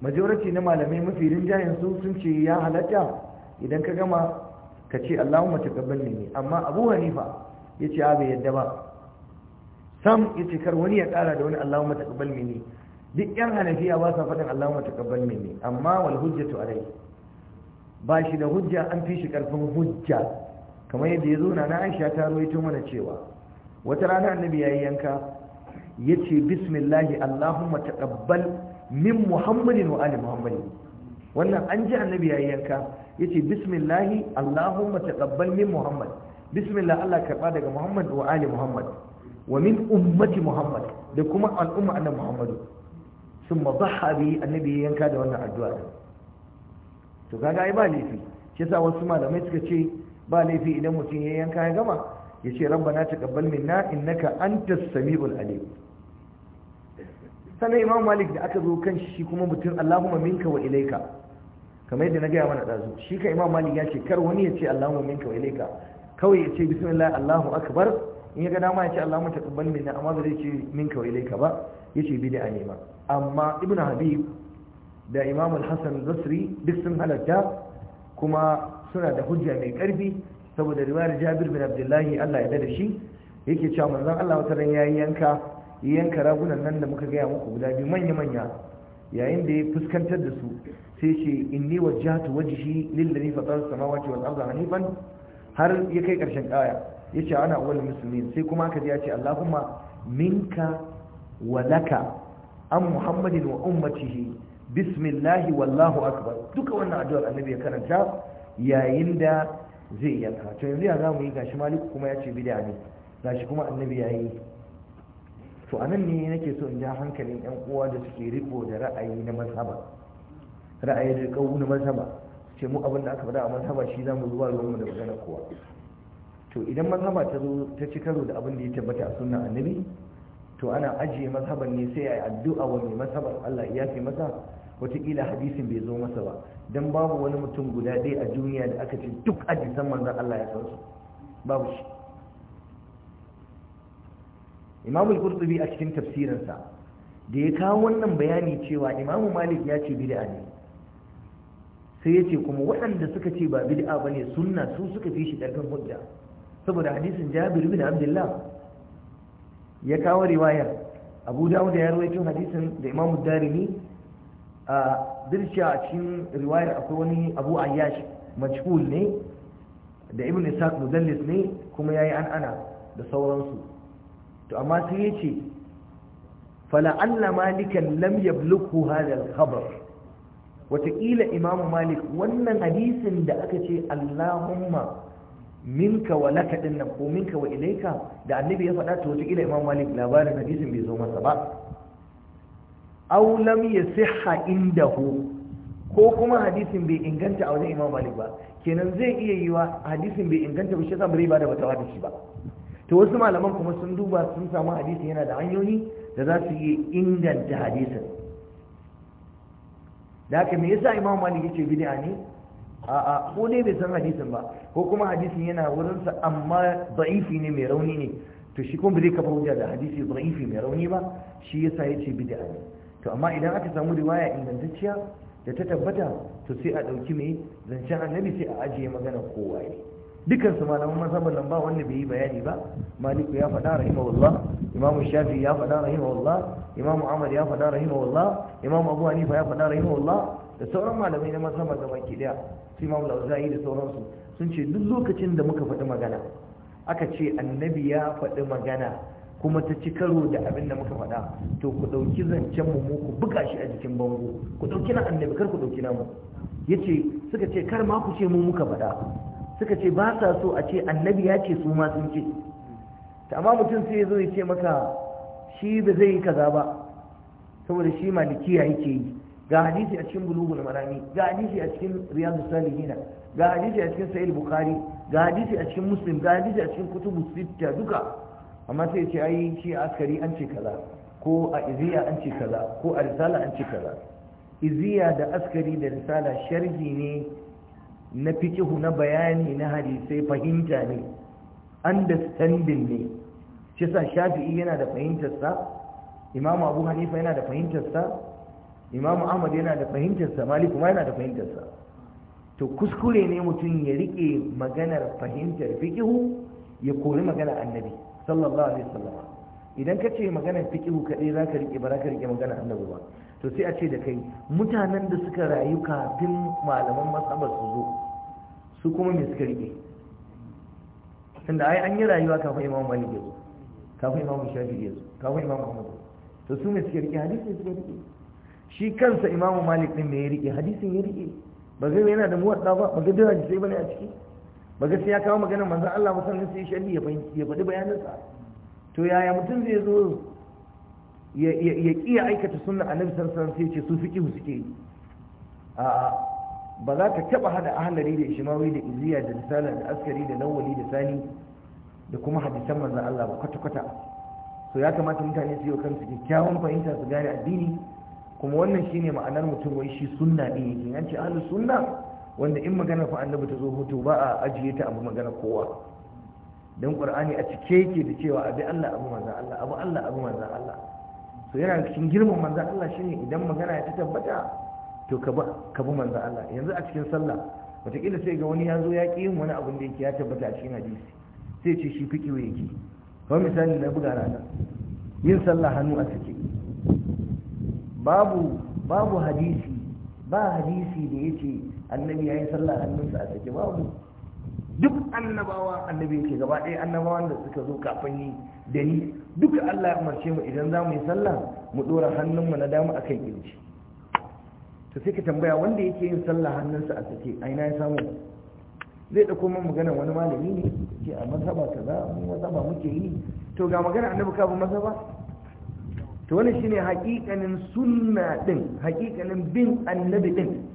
majority na malamai mafi rinjayen su sun ce ya halatta idan ka gama ka ce Allahumma taqabbal minni amma Abu Hanifa yace a bai yadda ba sam yace kar wani ya kara da wani Allahumma taqabbal minni duk yan hanafiya ba sa faɗin Allahumma taqabbal minni amma wal hujjatu alayhi ba shi da hujja an fi shi ƙarfin hujja kamar yadda ya zo na na aisha ta ruwaito mana cewa wata rana annabi yi yanka ya ce, bismillahi allahumma taqabbal min muhammadin wa ali muhammadin wannan an ji annabi yayi yanka ya ce, bismillahi allahumma taqabbal min muhammad bismillah allah karɓa daga muhammad wa ali muhammad wa min ummati muhammad da kuma al'umma annabi muhammadu thumma dhaha bi annabi yanka da wannan addu'a to kaga ai ba laifi shi yasa wasu malamai suka ce ba laifi idan mutum ya yanka ya gama ya ce rabbana taqabbal minna innaka antas samiul alim sanan imam malik da aka zo kan shi kuma mutum allahumma minka wa ilaika kamar yadda na gaya mana dazu shi ka imam malik ya ce kar wani ya ce allahumma minka wa ilaika kawai ya ce bismillah allahu akbar in ya ga dama ya ce allahumma taqabbal minna amma ba zai ce minka wa ilaika ba yace bid'a ne ma amma ibnu habib da imamul hassan basri duk sun halatta kuma suna da hujja mai karfi saboda riwayar jabir bin abdullahi allah ya da shi yake cewa manzan allah wata ran yayi yanka yanka ragunan nan da muka gaya muku guda biyu manya manya yayin da ya fuskantar da su sai ce inni wajjahtu wajhi lillazi fatara samawati wal arda hanifan har ya kai karshen kaya yace ana awwal muslimin sai kuma aka ji ya ce allahumma minka wa laka an muhammadin wa ummatihi bismillahi wallahu akbar duka wannan addu'ar annabi ya karanta yayin da zai yanka to yanzu ya zamu yi gashi maliku kuma ya ce bid'a ne gashi kuma annabi ya yi to anan ne nake so in ja hankalin yan uwa da suke riko da ra'ayi na mazhaba ra'ayi da kawu na mazhaba ce mu abin da aka faɗa a mazhaba shi zamu zuwa ruwanmu da magana kowa to idan mazhaba ta zo ta ci karo da abin da ya tabbata a sunnan annabi to ana ajiye mazhaban ne sai a yi addu'a wa mai mazhaban Allah ya fi masa wataƙila hadisin bai zo masa ba don babu wani mutum guda ɗaya a duniya da aka ce duk hadisan manzan Allah ya san su babu shi Imam qurtubi a cikin tafsirinsa da ya kawo wannan bayani cewa Imam Malik ya ce bid'a ne sai ya ce kuma waɗanda suka ce ba bid'a bane sunna su suka fi shi ƙarfin hujja saboda hadisin Jabir bin Abdullah ya kawo riwayar Abu Dawud ya rawaito hadisin da Imam Darimi a dirsha a cikin riwayar akwai wani abu ayyash majhul ne da ibn isaq mudallis ne kuma yayi an ana da sauransu to amma sai yace fala'alla malikan lam yablughu hadha al-khabar wataƙila imam malik wannan hadisin da aka ce allahumma minka wa laka dinnan ko minka wa ilaika da annabi ya faɗa to wataƙila imam malik labarin hadisin bai zo masa ba aw lam yasihha indahu ko kuma hadisin bai inganta a wajen imam malik ba kenan zai iya yiwa hadisin bai inganta ba shi yasa bai bada fatawa da shi ba to wasu malaman kuma sun duba sun samu hadisin yana da hanyoyi da za su iya inganta hadisin da haka me yasa imam malik yake bid'a ne a a ko dai bai san hadisin ba ko kuma hadisin yana wurin sa amma da'ifi ne mai rauni ne to shi kuma bai kafa hujja da hadisi da'ifi mai rauni ba shi yasa yace bid'a ne to amma idan aka samu riwaya ingantacciya da ta tabbata to sai a ɗauki mai zancen annabi sai a ajiye magana kowa ne dukkan su malaman mazhaban nan ba wanda bai yi bayani ba maliku ya faɗa rahimahullah imamu shafi ya faɗa rahimahullah imamu ahmad ya faɗa rahimahullah imamu abu hanifa ya faɗa rahimahullah da sauran malamai na mazhaban gaba ki daya su imamu lauza'i da sauransu sun ce duk lokacin da muka faɗi magana aka ce annabi ya faɗi magana kuma ta ci karo da abin da muka faɗa to ku ɗauki zancen mu mu ku buga shi a jikin bango ku ɗauki na annabi kar ku ɗauki na mu yace suka ce kar ma ku ce mu muka faɗa suka ce ba sa so a ce annabi ya ce su ma sun ce ta amma mutum sai ya zo ya ce maka shi ba zai yi kaza ba saboda shi ya yake yi ga hadisi a cikin bulugul marami ga hadisi a cikin riyadu salihina ga hadisi a cikin sahih bukhari ga hadisi a cikin muslim ga hadisi a cikin kutubu sitta duka amma sai ce ai shi askari an ce kaza ko a iziya an ce kaza ko a risala an ce kaza iziya da askari da risala sharhi ne na fikihu na bayani na hadisai fahimta ne understanding ne shi sa shafi'i yana da fahimtarsa imam abu hanifa yana da fahimtarsa imam ahmad yana da fahimtarsa malik ma yana da fahimtarsa to kuskure ne mutum ya rike maganar fahimtar fikihu ya kori maganar annabi sallallahu alaihi wasallam idan ka ce maganar fiqihu kadai za ka rike ba za ka rike maganar annabi ba to sai a ce da kai mutanen da suka rayu kafin malaman masaba su zo su kuma me suka rike tunda ai an yi rayuwa kafin imam malik ya zo kafin imam shafi ya zo kafin imam muhammad to su me suka rike hadisi suka riƙe? shi kansa imam malik din me ya rike hadisin ya rike ba zai yana da muwadda ba ba zai da hadisi bane a ciki ba gaskiya kawo maganar manzon Allah musamman sai sharhi ya faɗi bayaninsa to yaya mutum zai zo ya kiya aikata sunna annabi sallallahu alaihi wasallam sai ce su fiqhu suke a ba za taɓa taba hada ahlari da ishmawi da iziya da risala da askari da nawali da sani da kuma hadisan manzon Allah ba kwata kwata so ya kamata mutane su yi kansu kyakkyawan fahimta su gane addini kuma wannan shine ma'anar mutum wai shi sunna ne yake an ce ahlus sunna wanda in magana fa annabi ta zo hutu ba a ajiye ta abu magana kowa don qur'ani a cike yake da cewa abi Allah abu manza Allah abu Allah abu manza Allah to yana cikin girman manza Allah shine idan magana ya ta tabbata to ka ba ka bi manzan Allah yanzu a cikin sallah wataƙila sai ga wani ya zo ya ƙi yin wani abin da yake ya tabbata a cikin hadisi sai ce shi fiƙiwa yake kamar misali na buga rana yin sallah hannu a cike babu babu hadisi ba hadisi da yake annabi ya yi sallah hannunsa a ba babu duk annabawa annabi ke gaba ɗaya annabawan da suka zo kafin yi da ni duka Allah ya umarce mu idan za mu yi sallah mu ɗora hannunmu na dama akan kirji to sai ka tambaya wanda yake yin sallah hannunsa a sake a ina ya samu zai ɗauko min magana wani malami ne ke a mazhaba za mu mazhaba muke yi to ga magana annabi ka ba mazhaba to wani shine hakikanin sunna din hakikanin bin annabi din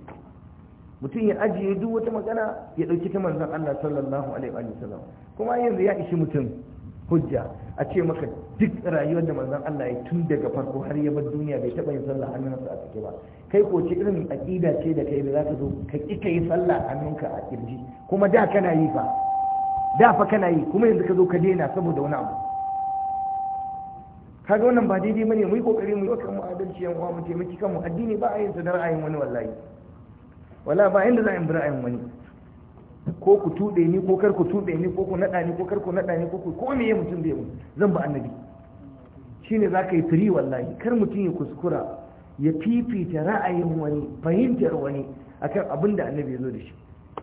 mutum ya ajiye duk wata magana ya ɗauki ta manzan Allah sallallahu alaihi wa sallam kuma yanzu ya ishi mutum hujja a ce maka duk rayuwar da manzan Allah ya tun daga farko har ya bar duniya bai taɓa yin sallah hannunsa a cike ba kai ko ce irin aƙida ce da kai da za ka zo ka ƙi ka yi sallah hannunka a ƙirji kuma da kana yi fa da fa kana yi kuma yanzu ka zo ka daina saboda wani abu kaga wannan ba daidai bane mu yi kokari mu yi wa kanmu adalci yan uwa mu taimaki kanmu addini ba a yin sa da ra'ayin wani wallahi wala ba inda za a yi ra'ayin wani ko ku tuɗe ni ko kar ku tuɗe ni ko ku naɗa ni ko kar ku naɗa ni ko ku ko ya mutum bai mun zan ba annabi Shi ne za ka yi firi wallahi kar mutum ya kuskura ya fifita ra'ayin wani fahimtar wani akan abin da annabi ya zo da shi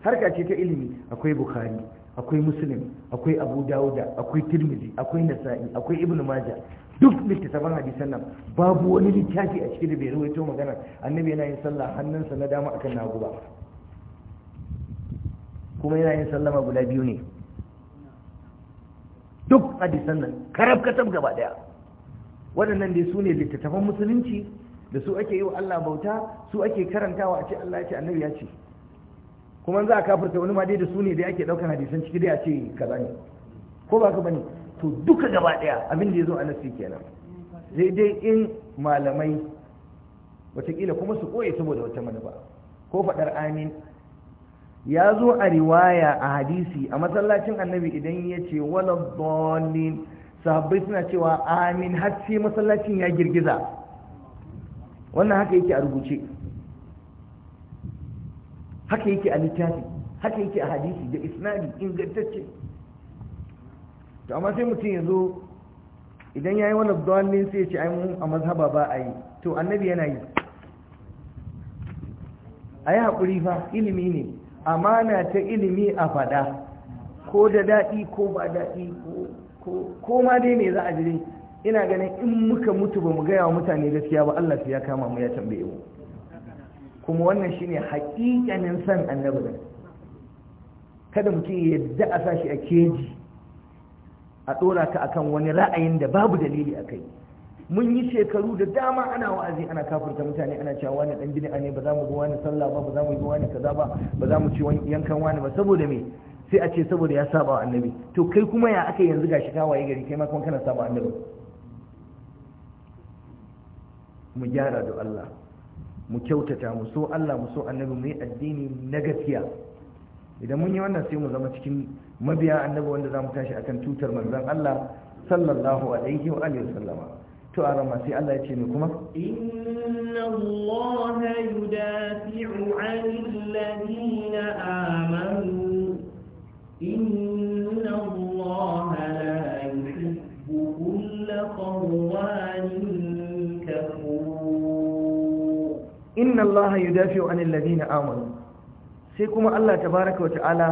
harka ce ta ilimi akwai bukhari akwai muslim akwai abu dawuda akwai tirmidhi akwai nasa'i akwai ibnu maja duk littattafan hadisan nan babu wani littafi a cikin da bai rawaito magana annabi yana yin sallah hannunsa na dama akan nagu ba kuma yana yin sallama guda biyu ne duk hadisan nan karab katab gaba daya waɗannan dai su ne littattafan musulunci da su ake yi wa Allah bauta su ake karantawa a ce Allah ya ce annabi ya ce kuma za a kafirta wani ma dai da su ne dai ake ɗaukar hadisan ciki dai a ce kaza ne ko ba ka bane to duka gaba daya abin da ya zo a nasi kenan sai dai in malamai watakila kuma su koye saboda wata manufa ko faɗar amin ya zo a riwaya a hadisi a masallacin annabi idan ya ce wala dhalin sahabbai suna cewa amin har sai masallacin ya girgiza wannan haka yake a rubuce haka yake a littafi haka yake a hadisi da isnadi ingantacce to amma sai mutum ya zo idan ya yi wani dalilin sai ya ce ai mun a mazhaba ba a yi to annabi yana yi a yi haƙuri fa ilimi ne amana ta ilimi a fada ko da daɗi ko ba daɗi ko ma dai ne za a jire ina ganin in muka mutu ba mu gaya wa mutane gaskiya ba Allah ya kama mu ya tambaye mu kuma wannan shi ne haƙiƙanin san annabi kada mutum ya yadda a sashi a keji a ɗora ka akan wani ra'ayin da babu dalili a kai mun yi shekaru da dama ana wa'azi ana kafurta mutane ana cewa wani dan bid'a ne ba za mu bi wani sallah ba ba za mu yi wani kaza ba ba za mu ci wani yankan wani ba saboda me sai a ce saboda ya saba wa annabi to kai kuma ya aka yanzu gashi ka waye gari kai ma kuma kana saba annabi mu gyara da Allah mu kyautata mu so Allah mu so annabi mu yi addini na gaskiya idan mun yi wannan sai mu zama cikin mabiya annabi wanda za mu tashi a kan tutar manzon Allah sallallahu alaihi wa alihi wasallama to a rama sai Allah ya ce ne kuma inna Allah yudafi'u 'anil ladina amanu inna Allah la yuhibbu kulla qawwanin kafur inna Allah yudafi'u 'anil ladina amanu sai kuma Allah tabaaraka wa ta'ala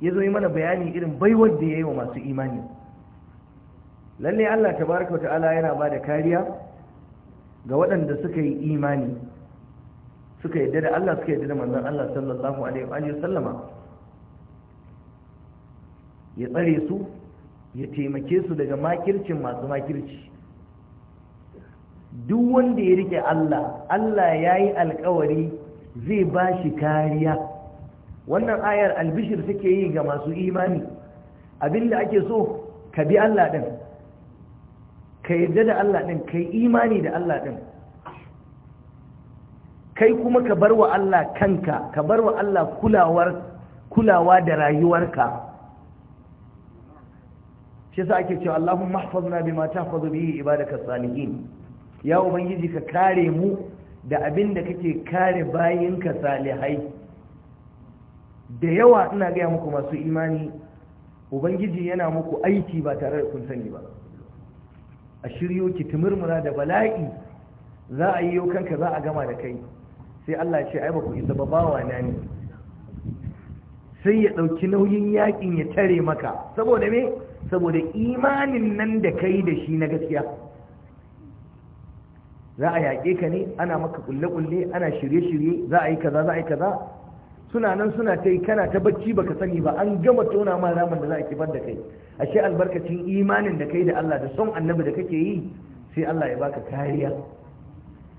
ya zo yi mana bayani irin baiwar da ya yi wa masu imani lalle Allah baraka wa ta'ala yana ba da kariya ga waɗanda suka yi imani suka yadda da Allah suka yadda da manzan Allah sallallahu alaihi wa sallama ya tsare su ya taimake su daga makircin masu makirci duk wanda ya rike Allah Allah ya yi alkawari zai ba shi kariya wannan ayar albishir take yi ga masu imani abinda ake so ka bi Allah din ka yarda da Allah din kai imani da Allah din kai kuma ka bar wa Allah kanka ka bar wa Allah kulawar kulawa da rayuwarka shi yasa ake cewa Allahumma ihfazna bima tahfazu bihi ibadaka salihin ya ubangiji ka kare mu da abin da kake kare bayinka salihai da yawa ina gaya muku masu imani ubangiji yana muku aiki ba tare da kun sani ba a shiryo ki tumurmura da bala'i za a yi kanka za a gama da kai sai Allah ce ai ba ku isa ba bawa na ne sai ya ɗauki nauyin yakin ya tare maka saboda me saboda imanin nan da kai da shi na gaskiya za a yaƙe ka ne ana maka kulle-kulle ana shirye-shirye za a yi kaza za a yi kaza suna nan suna ta yi kana ta bacci baka sani ba an gama tona ma ramin da za a kifar da kai ashe albarkacin imanin da kai da Allah da son annabi da kake yi sai Allah ya baka kariya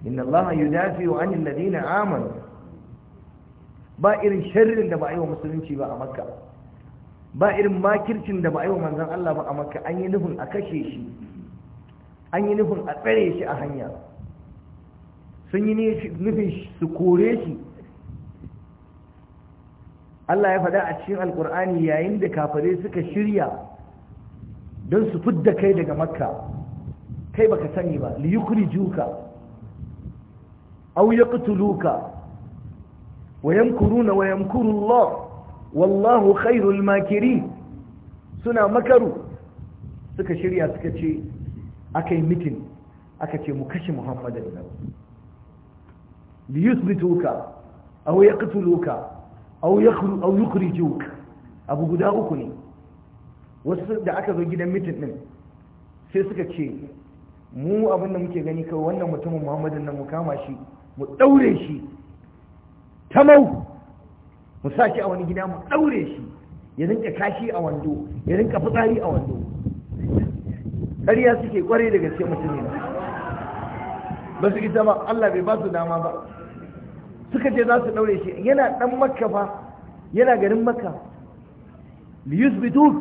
inna Allah yudafi'u 'anil ladina amanu ba irin sharrin da ba a yi wa musulunci ba a makka ba irin makircin da ba a yi wa manzon Allah ba a makka an yi nufin a kashe shi an yi nufin a tsare shi a hanya sun yi nufin su kore shi Allah ya faɗa a cikin alkur'ani yayin da kafare suka shirya don su fidda kai daga makka kai baka sani ba li yukhrijuka aw yaqtuluka wa yamkuruna wa yamkuru Allah wallahu khairul makirin suna makaru suka shirya suka ce aka yi mitin aka ce mu kashe Muhammadu da li yuthbituka aw yaqtuluka au yakhru au abu guda uku ne wasu da aka zo gidan mitin din sai suka ce mu abin da muke gani kawai wannan mutumin muhammadin nan mu kama shi mu daure shi ta mau mu sa a wani gida mu daure shi ya rinka kashi a wando ya rinka fitsari a wando ƙarya suke kware da gaske mutum ne ba su isa ba Allah bai ba su dama ba suka je za su ɗaure shi yana ɗan makka fa yana garin makka liyus Bitug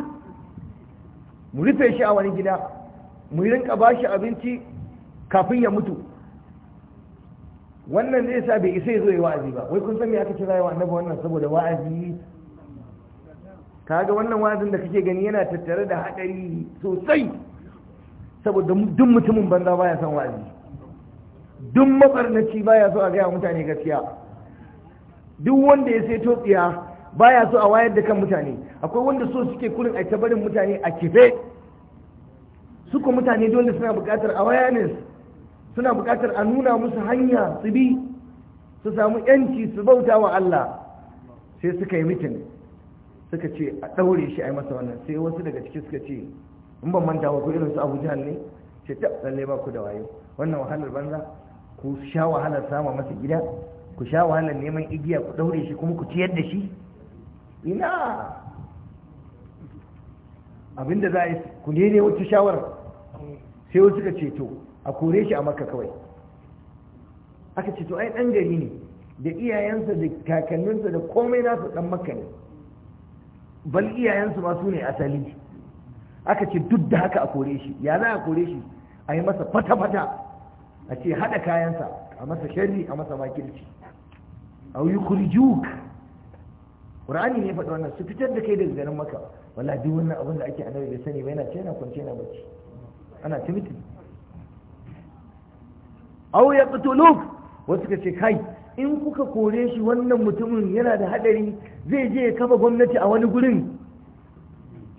mu rufe shi a wani gida mu rinka bashi abinci kafin ya mutu wannan zai sa bai isa ya zo ya wa'azi ba wai kun san me aka kira yawa annabi wannan saboda wa'azi kaga wannan wa'azin da kake gani yana tattare da haɗari sosai saboda duk mutumin banza baya son wa'azi duk mabarnaci baya so a gaya mutane gaskiya duk wanda ya sai tsiya baya so a wayar da kan mutane akwai wanda so suke kurin a tabarin mutane a kife suka mutane dole suna buƙatar awareness suna buƙatar a nuna musu hanya su bi su samu yanci su bauta wa Allah sai suka yi mitin suka ce a ɗaure shi a yi masa wannan sai wasu daga ciki suka ce in ban manta ba ku irin su Abu ne ce ta ba ku da wayo wannan wahalar banza ku sha wahalar sama masa gida ku sha wahalar neman igiya ku ɗaure shi kuma ku ciyar da shi ina abinda za a yi ku ne wata shawarar sai wasu suka ceto a kore shi a makka kawai aka ceto ai ɗan gari ne da iyayensa da kakanninsa da komai nasu ɗan makka ne bal iyayensu ma su ne asali aka ce duk da haka a kore shi ya za a kore shi a yi masa fata-fata a ce haɗa kayansa a masa sharri a masa makirci a yi kurjuk ƙur'ani ne faɗi wannan su fitar da kai daga garin maka wala duk wannan abin da ake annabi bai sani ba yana ce yana kwance yana bacci ana ta mitin aw yaqtuluk wasu ka ce kai in kuka kore shi wannan mutumin yana da haɗari, zai je ya kafa gwamnati a wani gurin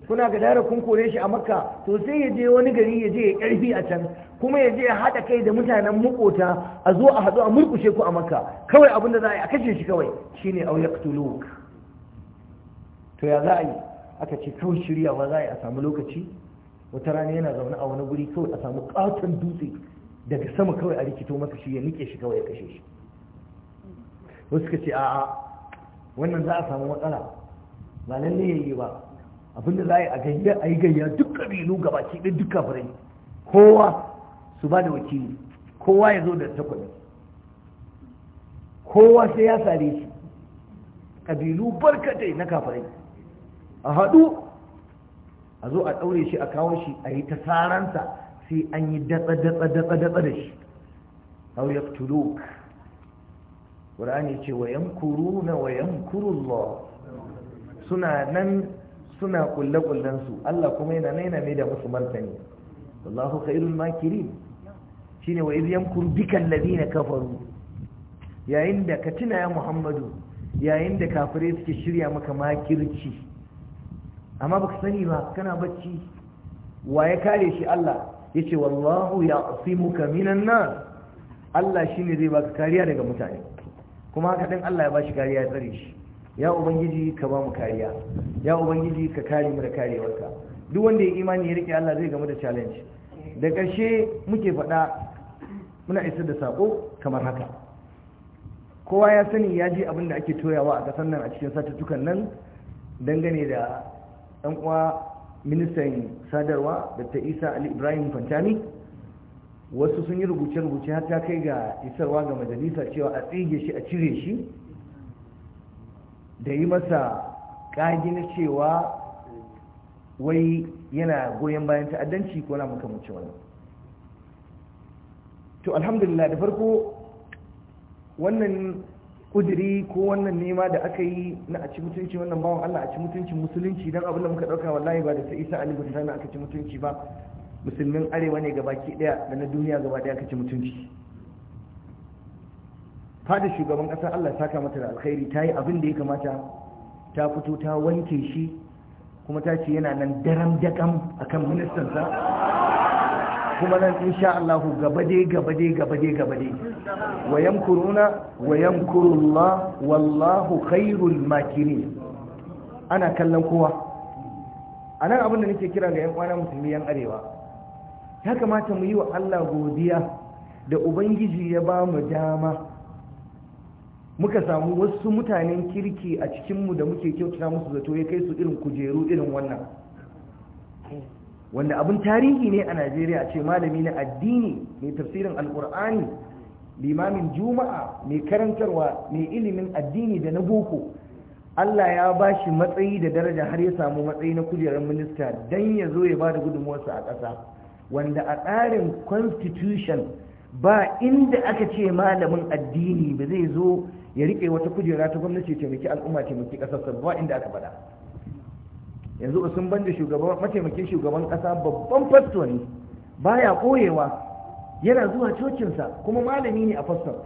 kuna ga dara kun kore shi a makka to sai ya je wani gari ya je ya karfi a can kuma ya je ya haɗa kai da mutanen makota a zo a haɗu a murkushe ku a makka kawai abin da za a yi a kashe shi kawai shine au yaqtuluk to ya za a yi aka ce kawai ba za a yi a samu lokaci wata rana yana zaune a wani guri kawai a samu katon dutse daga sama kawai a rikito maka shi ya nike shi kawai ya kashe shi wasu ka ce a'a wannan za a samu matsala ba lalle ya yi ba Abin da za a yi a yi gayya duk ƙabilu baki ɗin duk kafirai kowa su ba da wakili kowa ya zo da takwabi kowa sai ya sare shi ƙabilu barkatai na kafirai a haɗu a zo a ɗaure shi a kawo shi a yi ta saransa sai an yi datsa datsa datsa datsa da shi au yaftuluk qur'ani ce wa na wa yamkurullah suna nan suna kulle kullen su Allah kuma yana naina mai da musu martani wallahu khairul makirin shine wa idh yamkuru bikal ladina kafaru yayin da ka tuna ya Muhammadu yayin da kafirai suke shirya maka makirci amma baka sani ba kana bacci wa ya kare shi Allah yace wallahu ya'simuka minan nas Allah shine zai baka kariya daga mutane kuma haka din Allah ya bashi kariya ya tsare shi ya ubangiji ka ba mu kariya ya ubangiji ka kare mu da karewarka duk wanda ya imani ya rike Allah zai gamu da challenge da ƙarshe muke faɗa muna isar da sako kamar haka kowa ya sani ya ji abin da ake toyawa a kasar nan a cikin satuttukan nan dangane da ɗan uwa ministan sadarwa da ta isa ali ibrahim fantami wasu sun yi rubuce-rubuce har ta kai ga isarwa ga majalisa cewa a tsige shi a cire shi da yi masa ƙagi na cewa wai yana goyon bayan ta'addanci ko na muce wani to alhamdulillah da farko wannan kudiri ko wannan nema da aka yi na a ci mutunci wannan bawon Allah a ci mutuncin musulunci don abin da muka dauka wallahi ba da sai isa ali na aka ci mutunci ba musulmin arewa ne gaba ke daya da na duniya gaba daya aka ci mutunci fadar shugaban ƙasa, Allah saka mata da alkhairi ta yi abin da ya kamata ta fito ta wanke shi kuma ta ce yana nan daram dakam akan ministansa kuma nan insha Allah gaba dai gaba dai gaba dai gaba dai wa yamkuruna wa yamkurullah wallahu khairul makirin ana kallon kowa anan abin da nake kira ga 'yan kwana musulmi 'yan arewa ya kamata mu yi wa allah godiya da ubangiji ya ba mu dama muka samu wasu mutanen kirki a cikinmu da muke kyauta musu zato ya kai su irin kujeru irin wannan wanda abin tarihi ne a najeriya ce malami na addini mai tafsirin alkur'ani limamin juma'a mai karantarwa mai ilimin addini da na boko allah ya ba shi matsayi da daraja har ya samu matsayi na kujerar minista don ya zo ya ba da gudunmuwarsa a ƙasa wanda a tsarin constitution ba inda aka ce malamin addini ba zai zo ya rike wata kujera ta gwamnati taimaki al'umma taimaki ƙasar sa ba inda aka faɗa yanzu usman da shugaban mataimakin shugaban ƙasa babban fasto ne baya koyewa yana zuwa cocinsa kuma malami ne a fasto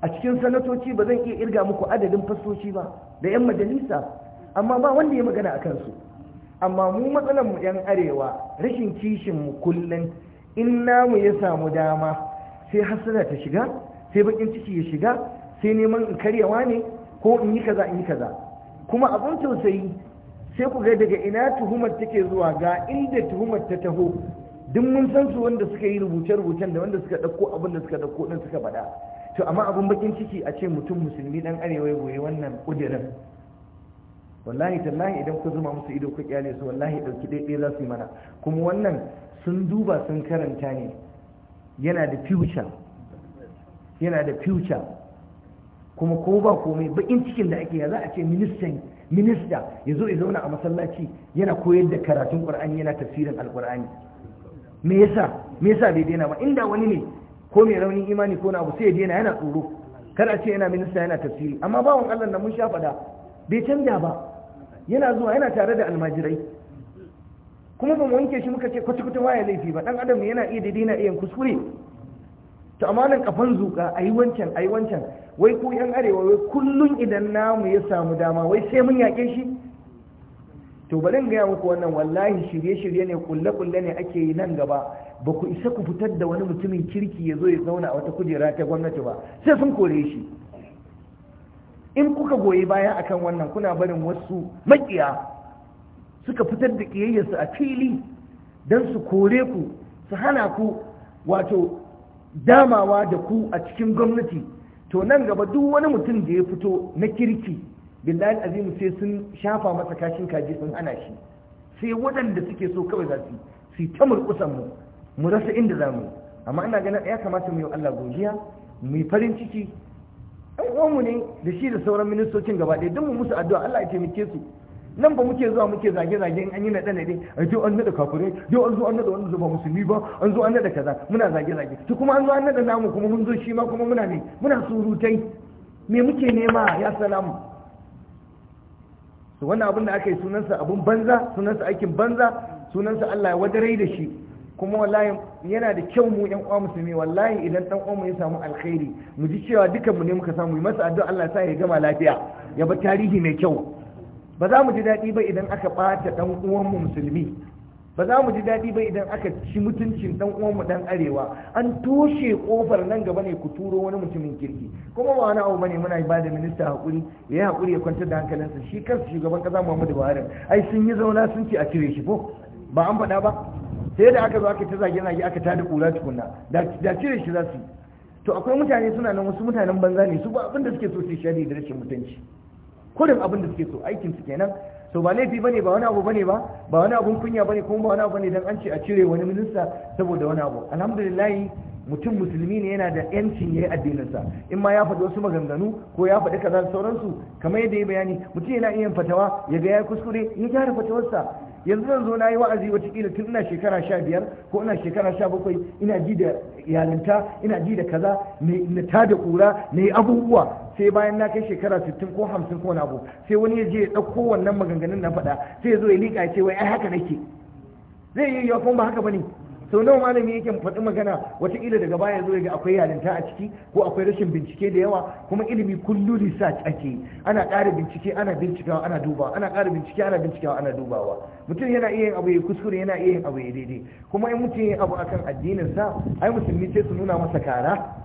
a cikin sanatoci ba zan iya irga muku adadin fastoci ba da 'yan majalisa amma ba wanda ya magana a kansu amma mu matsalar mu 'yan arewa rashin kishin mu kullum in namu ya samu dama sai hasana ta shiga sai bakin ciki ya shiga sai neman in karyawa ne ko in yi kaza in yi kaza kuma abin tausayi sai ku ga daga ina tuhumar take zuwa ga inda tuhumar ta taho duk mun san su wanda suka yi rubuce-rubucen da wanda suka ɗauko abin da suka ɗauko ɗin suka faɗa to amma abin bakin ciki a ce mutum musulmi ɗan arewa ya wannan ƙudirin wallahi tallahi idan ku zuma musu ido ku kyale su wallahi ɗauki ɗaiɗai za su yi mana kuma wannan sun duba sun karanta ne yana da future yana da future kuma ko ba komai bakin cikin da ake ya za a ce ministan minista ya zo ya zauna a masallaci yana koyar da karatun qur'ani yana tafsirin alqur'ani me yasa me yasa bai daina ba inda wani ne ko mai raunin imani ko na abu sai ya daina yana tsoro kar a ce yana minista yana tafsiri amma bawan Allah na mun sha fada bai canja ba yana zuwa yana tare da almajirai kuma ba mu wanke shi muka ce kwata-kwata waye laifi ba dan adam yana iya daidai iyan iya kuskure to amma nan kafan zuka ayi wancan ayi wancan wai ku yan arewa wai kullum idan namu ya samu dama wai sai mun yake shi to bari gaya muku wannan wallahi shirye-shirye ne kulle-kulle ne ake yi nan gaba ba ku isa ku fitar da wani mutumin kirki ya zo ya zauna a wata kujera ta gwamnati ba sai sun kore shi in kuka goyi baya akan wannan kuna barin wasu makiya suka fitar da kiyayyarsu a fili don su kore ku su hana ku wato damawa da ku a cikin gwamnati to nan gaba duk wani mutum da ya fito na kirki billahi azimu sai sun shafa masa kashin kaji sun ana shi sai waɗanda suke so kawai za su su ta murƙusan mu mu rasa inda za mu amma ina ganin ya kamata mu yi Allah godiya mu yi farin ciki ai uwanmu ne da shi da sauran ministocin gaba ɗaya don mu musu addu'a Allah ya taimake su nan ba muke zuwa muke zage-zage in an yi naɗe naɗe a jo an naɗa kafirai jo an zo an naɗa wanda zuba musulmi ba an zo an naɗa kaza muna zage-zage to kuma an zo an naɗa namu kuma mun zo shi ma kuma muna ne muna surutai me muke nema ya salamu to wannan abin da aka yi sunansa abin banza sunansa aikin banza sunansa Allah ya wadarai da shi kuma wallahi yana da kyau mu yan uwa musulmi wallahi idan dan uwa ya samu alkhairi mu ji cewa dukan mu ne muka samu yi masa addu'a Allah ya sa ya gama lafiya ya ba tarihi mai kyau ba za mu ji daɗi ba idan aka ɓata ɗan uwanmu musulmi ba za mu ji daɗi ba idan aka ci mutuncin ɗan uwanmu ɗan arewa an toshe ƙofar nan gaba ne ku turo wani mutumin kirki kuma ba wani abu bane muna ba da minista hakuri ya yi hakuri ya kwantar da hankalinsa shi su shugaban ƙasa muhammadu buhari ai sun yi zauna sun ce a cire shi ko ba an faɗa ba sai da aka zo aka ta zage zage aka tada ƙura tukunna da cire shi za su yi to akwai mutane suna nan wasu mutanen banza ne su ba abinda da suke so su shari da rashin mutunci kurin abin da suke so aikin su kenan so ba laifi bane ba wani abu bane ba ba wani abun kunya bane kuma ba wani abu bane dan an ce a cire wani minista saboda wani abu alhamdulillah mutum musulmi ne yana da yancin yayi addininsa in ma ya faɗi wasu maganganu ko ya faɗi kaza da sauransu kamar yadda ya bayani mutum yana iya fatawa ya ga ya kuskure ya gyara fatawarsa yanzu zan zo na yi wa'azi watakila tun ina shekara sha biyar ko ina shekara sha bakwai ina ji da yalinta ina ji da kaza na da kura na yi abubuwa sai bayan na kai shekara 60 ko 50 ko wani abu sai wani ya je ya ɗauko wannan maganganun na faɗa sai ya zo ya liƙa ya ce wai ai haka nake zai yi yawan ba haka bane sau nawa malami yake faɗi magana wataƙila daga baya zo ga akwai yalinta a ciki ko akwai rashin bincike da yawa kuma ilimi kullu research ake ana ƙara bincike ana bincikawa ana dubawa ana ƙara bincike ana bincikawa ana dubawa mutum yana iya yin abu ya kuskure yana iya yin abu ya daidai kuma in mutum yin abu akan addinin sa ai musulmi sai su nuna masa kara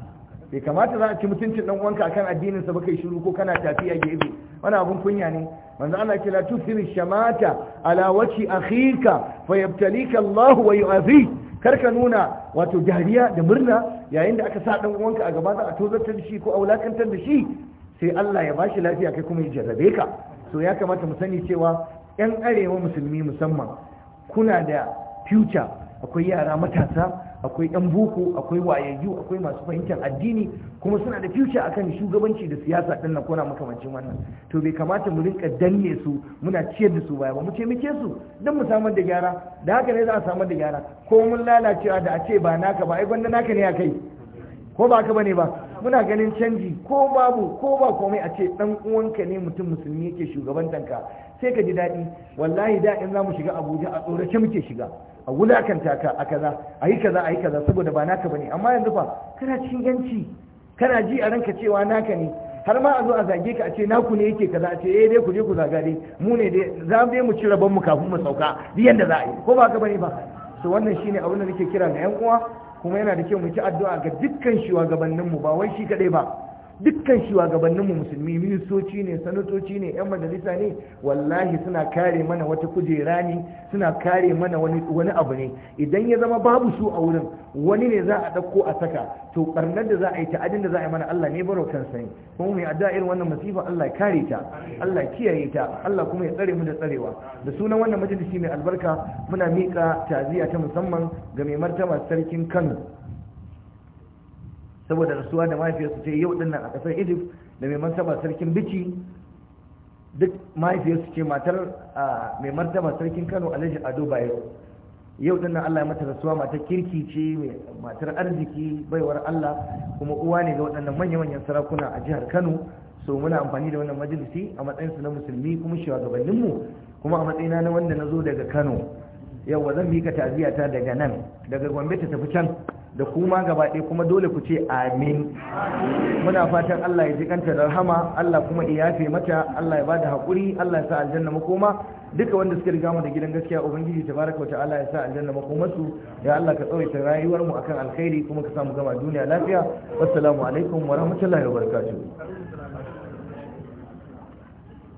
bai kamata za a ci mutuncin dan uwanka akan addininsa sa ba kai shiru ko kana tafiya gefe wani abun kunya ne manzo Allah ce la tusiri shamata ala wachi akhika fayabtalika Allah wa yu'azi karka nuna wato dariya da murna yayin da aka sa dan uwanka a gaba za a tozartar da shi ko a wulakantar da shi sai Allah ya bashi lafiya kai kuma ya jarrabe ka so ya kamata mu sani cewa yan arewa musulmi musamman kuna da future akwai yara matasa akwai yan boko akwai wayayyu akwai masu fahimtar addini kuma suna da a kan shugabanci da siyasa ɗin nan kona makamancin wannan to bai kamata mu rinka danne su muna ciyar da su baya ba mu ce muke su don mu samar da gyara da haka ne za a samar da gyara ko mun lalacewa da a ce ba naka ba ai gwanda naka ne a kai ko ba ka bane ba muna ganin canji ko babu ko ba komai a ce ɗan uwanka ne mutum musulmi yake shugabantanka sai ka ji daɗi wallahi da in za mu shiga abuja a tsorace muke shiga a wulakanta ka a kaza a yi kaza a yi kaza saboda ba naka bane amma yanzu fa kana cikin yanci kana ji a ranka cewa naka ne har ma a zo a zage ka a ce naku ne yake kaza a ce eh dai ku je ku zaga dai mu ne dai za mu mu ci rabon mu kafin mu sauka bi yanda za a yi ko ba ka bane ba to wannan shine abin da nake kira ga yan uwa kuma yana da kyau mu ci addu'a ga dukkan shugabanninmu ba wai shi kadai ba dukkan shugabanninmu musulmi ministoci ne sanatoci ne yan majalisa ne wallahi suna kare mana wata kujera ne suna kare mana wani abu ne idan ya zama babu su a wurin wani ne za a ɗauko a saka to ɓarnar da za a yi ta da za a yi mana Allah ne baro kan ne kuma mai addu'a irin wannan masifa Allah ya kare ta Allah ya kiyaye ta Allah kuma ya tsare mu da tsarewa da sunan wannan majalisi mai albarka muna miƙa taziya ta musamman ga mai martaba sarkin Kano saboda rasuwa da mahaifiyarsu ce yau dinnan a ƙasar Idif da mai martaba sarkin Bichi duk mahaifiyarsu ce matar mai martaba sarkin Kano Alhaji Ado Bayero yau dinnan Allah ya mata rasuwa matar kirki ce matar arziki baiwar Allah kuma uwa ne ga waɗannan manya-manyan sarakuna a jihar Kano so muna amfani da wannan majalisi a matsayinsu na musulmi kuma shugabanninmu kuma a matsayina na wanda na zo daga Kano yawa zan mika ta daga nan daga gombe ta tafi can da kuma gaba ɗaya kuma dole ku ce amin muna fatan Allah ya ji kanta da rahama Allah kuma ya yafe mata Allah ya bada hakuri Allah ya sa aljanna makoma duka wanda suka riga mu da gidan gaskiya ubangiji tabaraka wa ta'ala ya sa aljanna makomarsu ya Allah ka tsawaita rayuwar mu akan alkhairi kuma ka samu gama duniya lafiya assalamu alaikum wa rahmatullahi wa barakatuh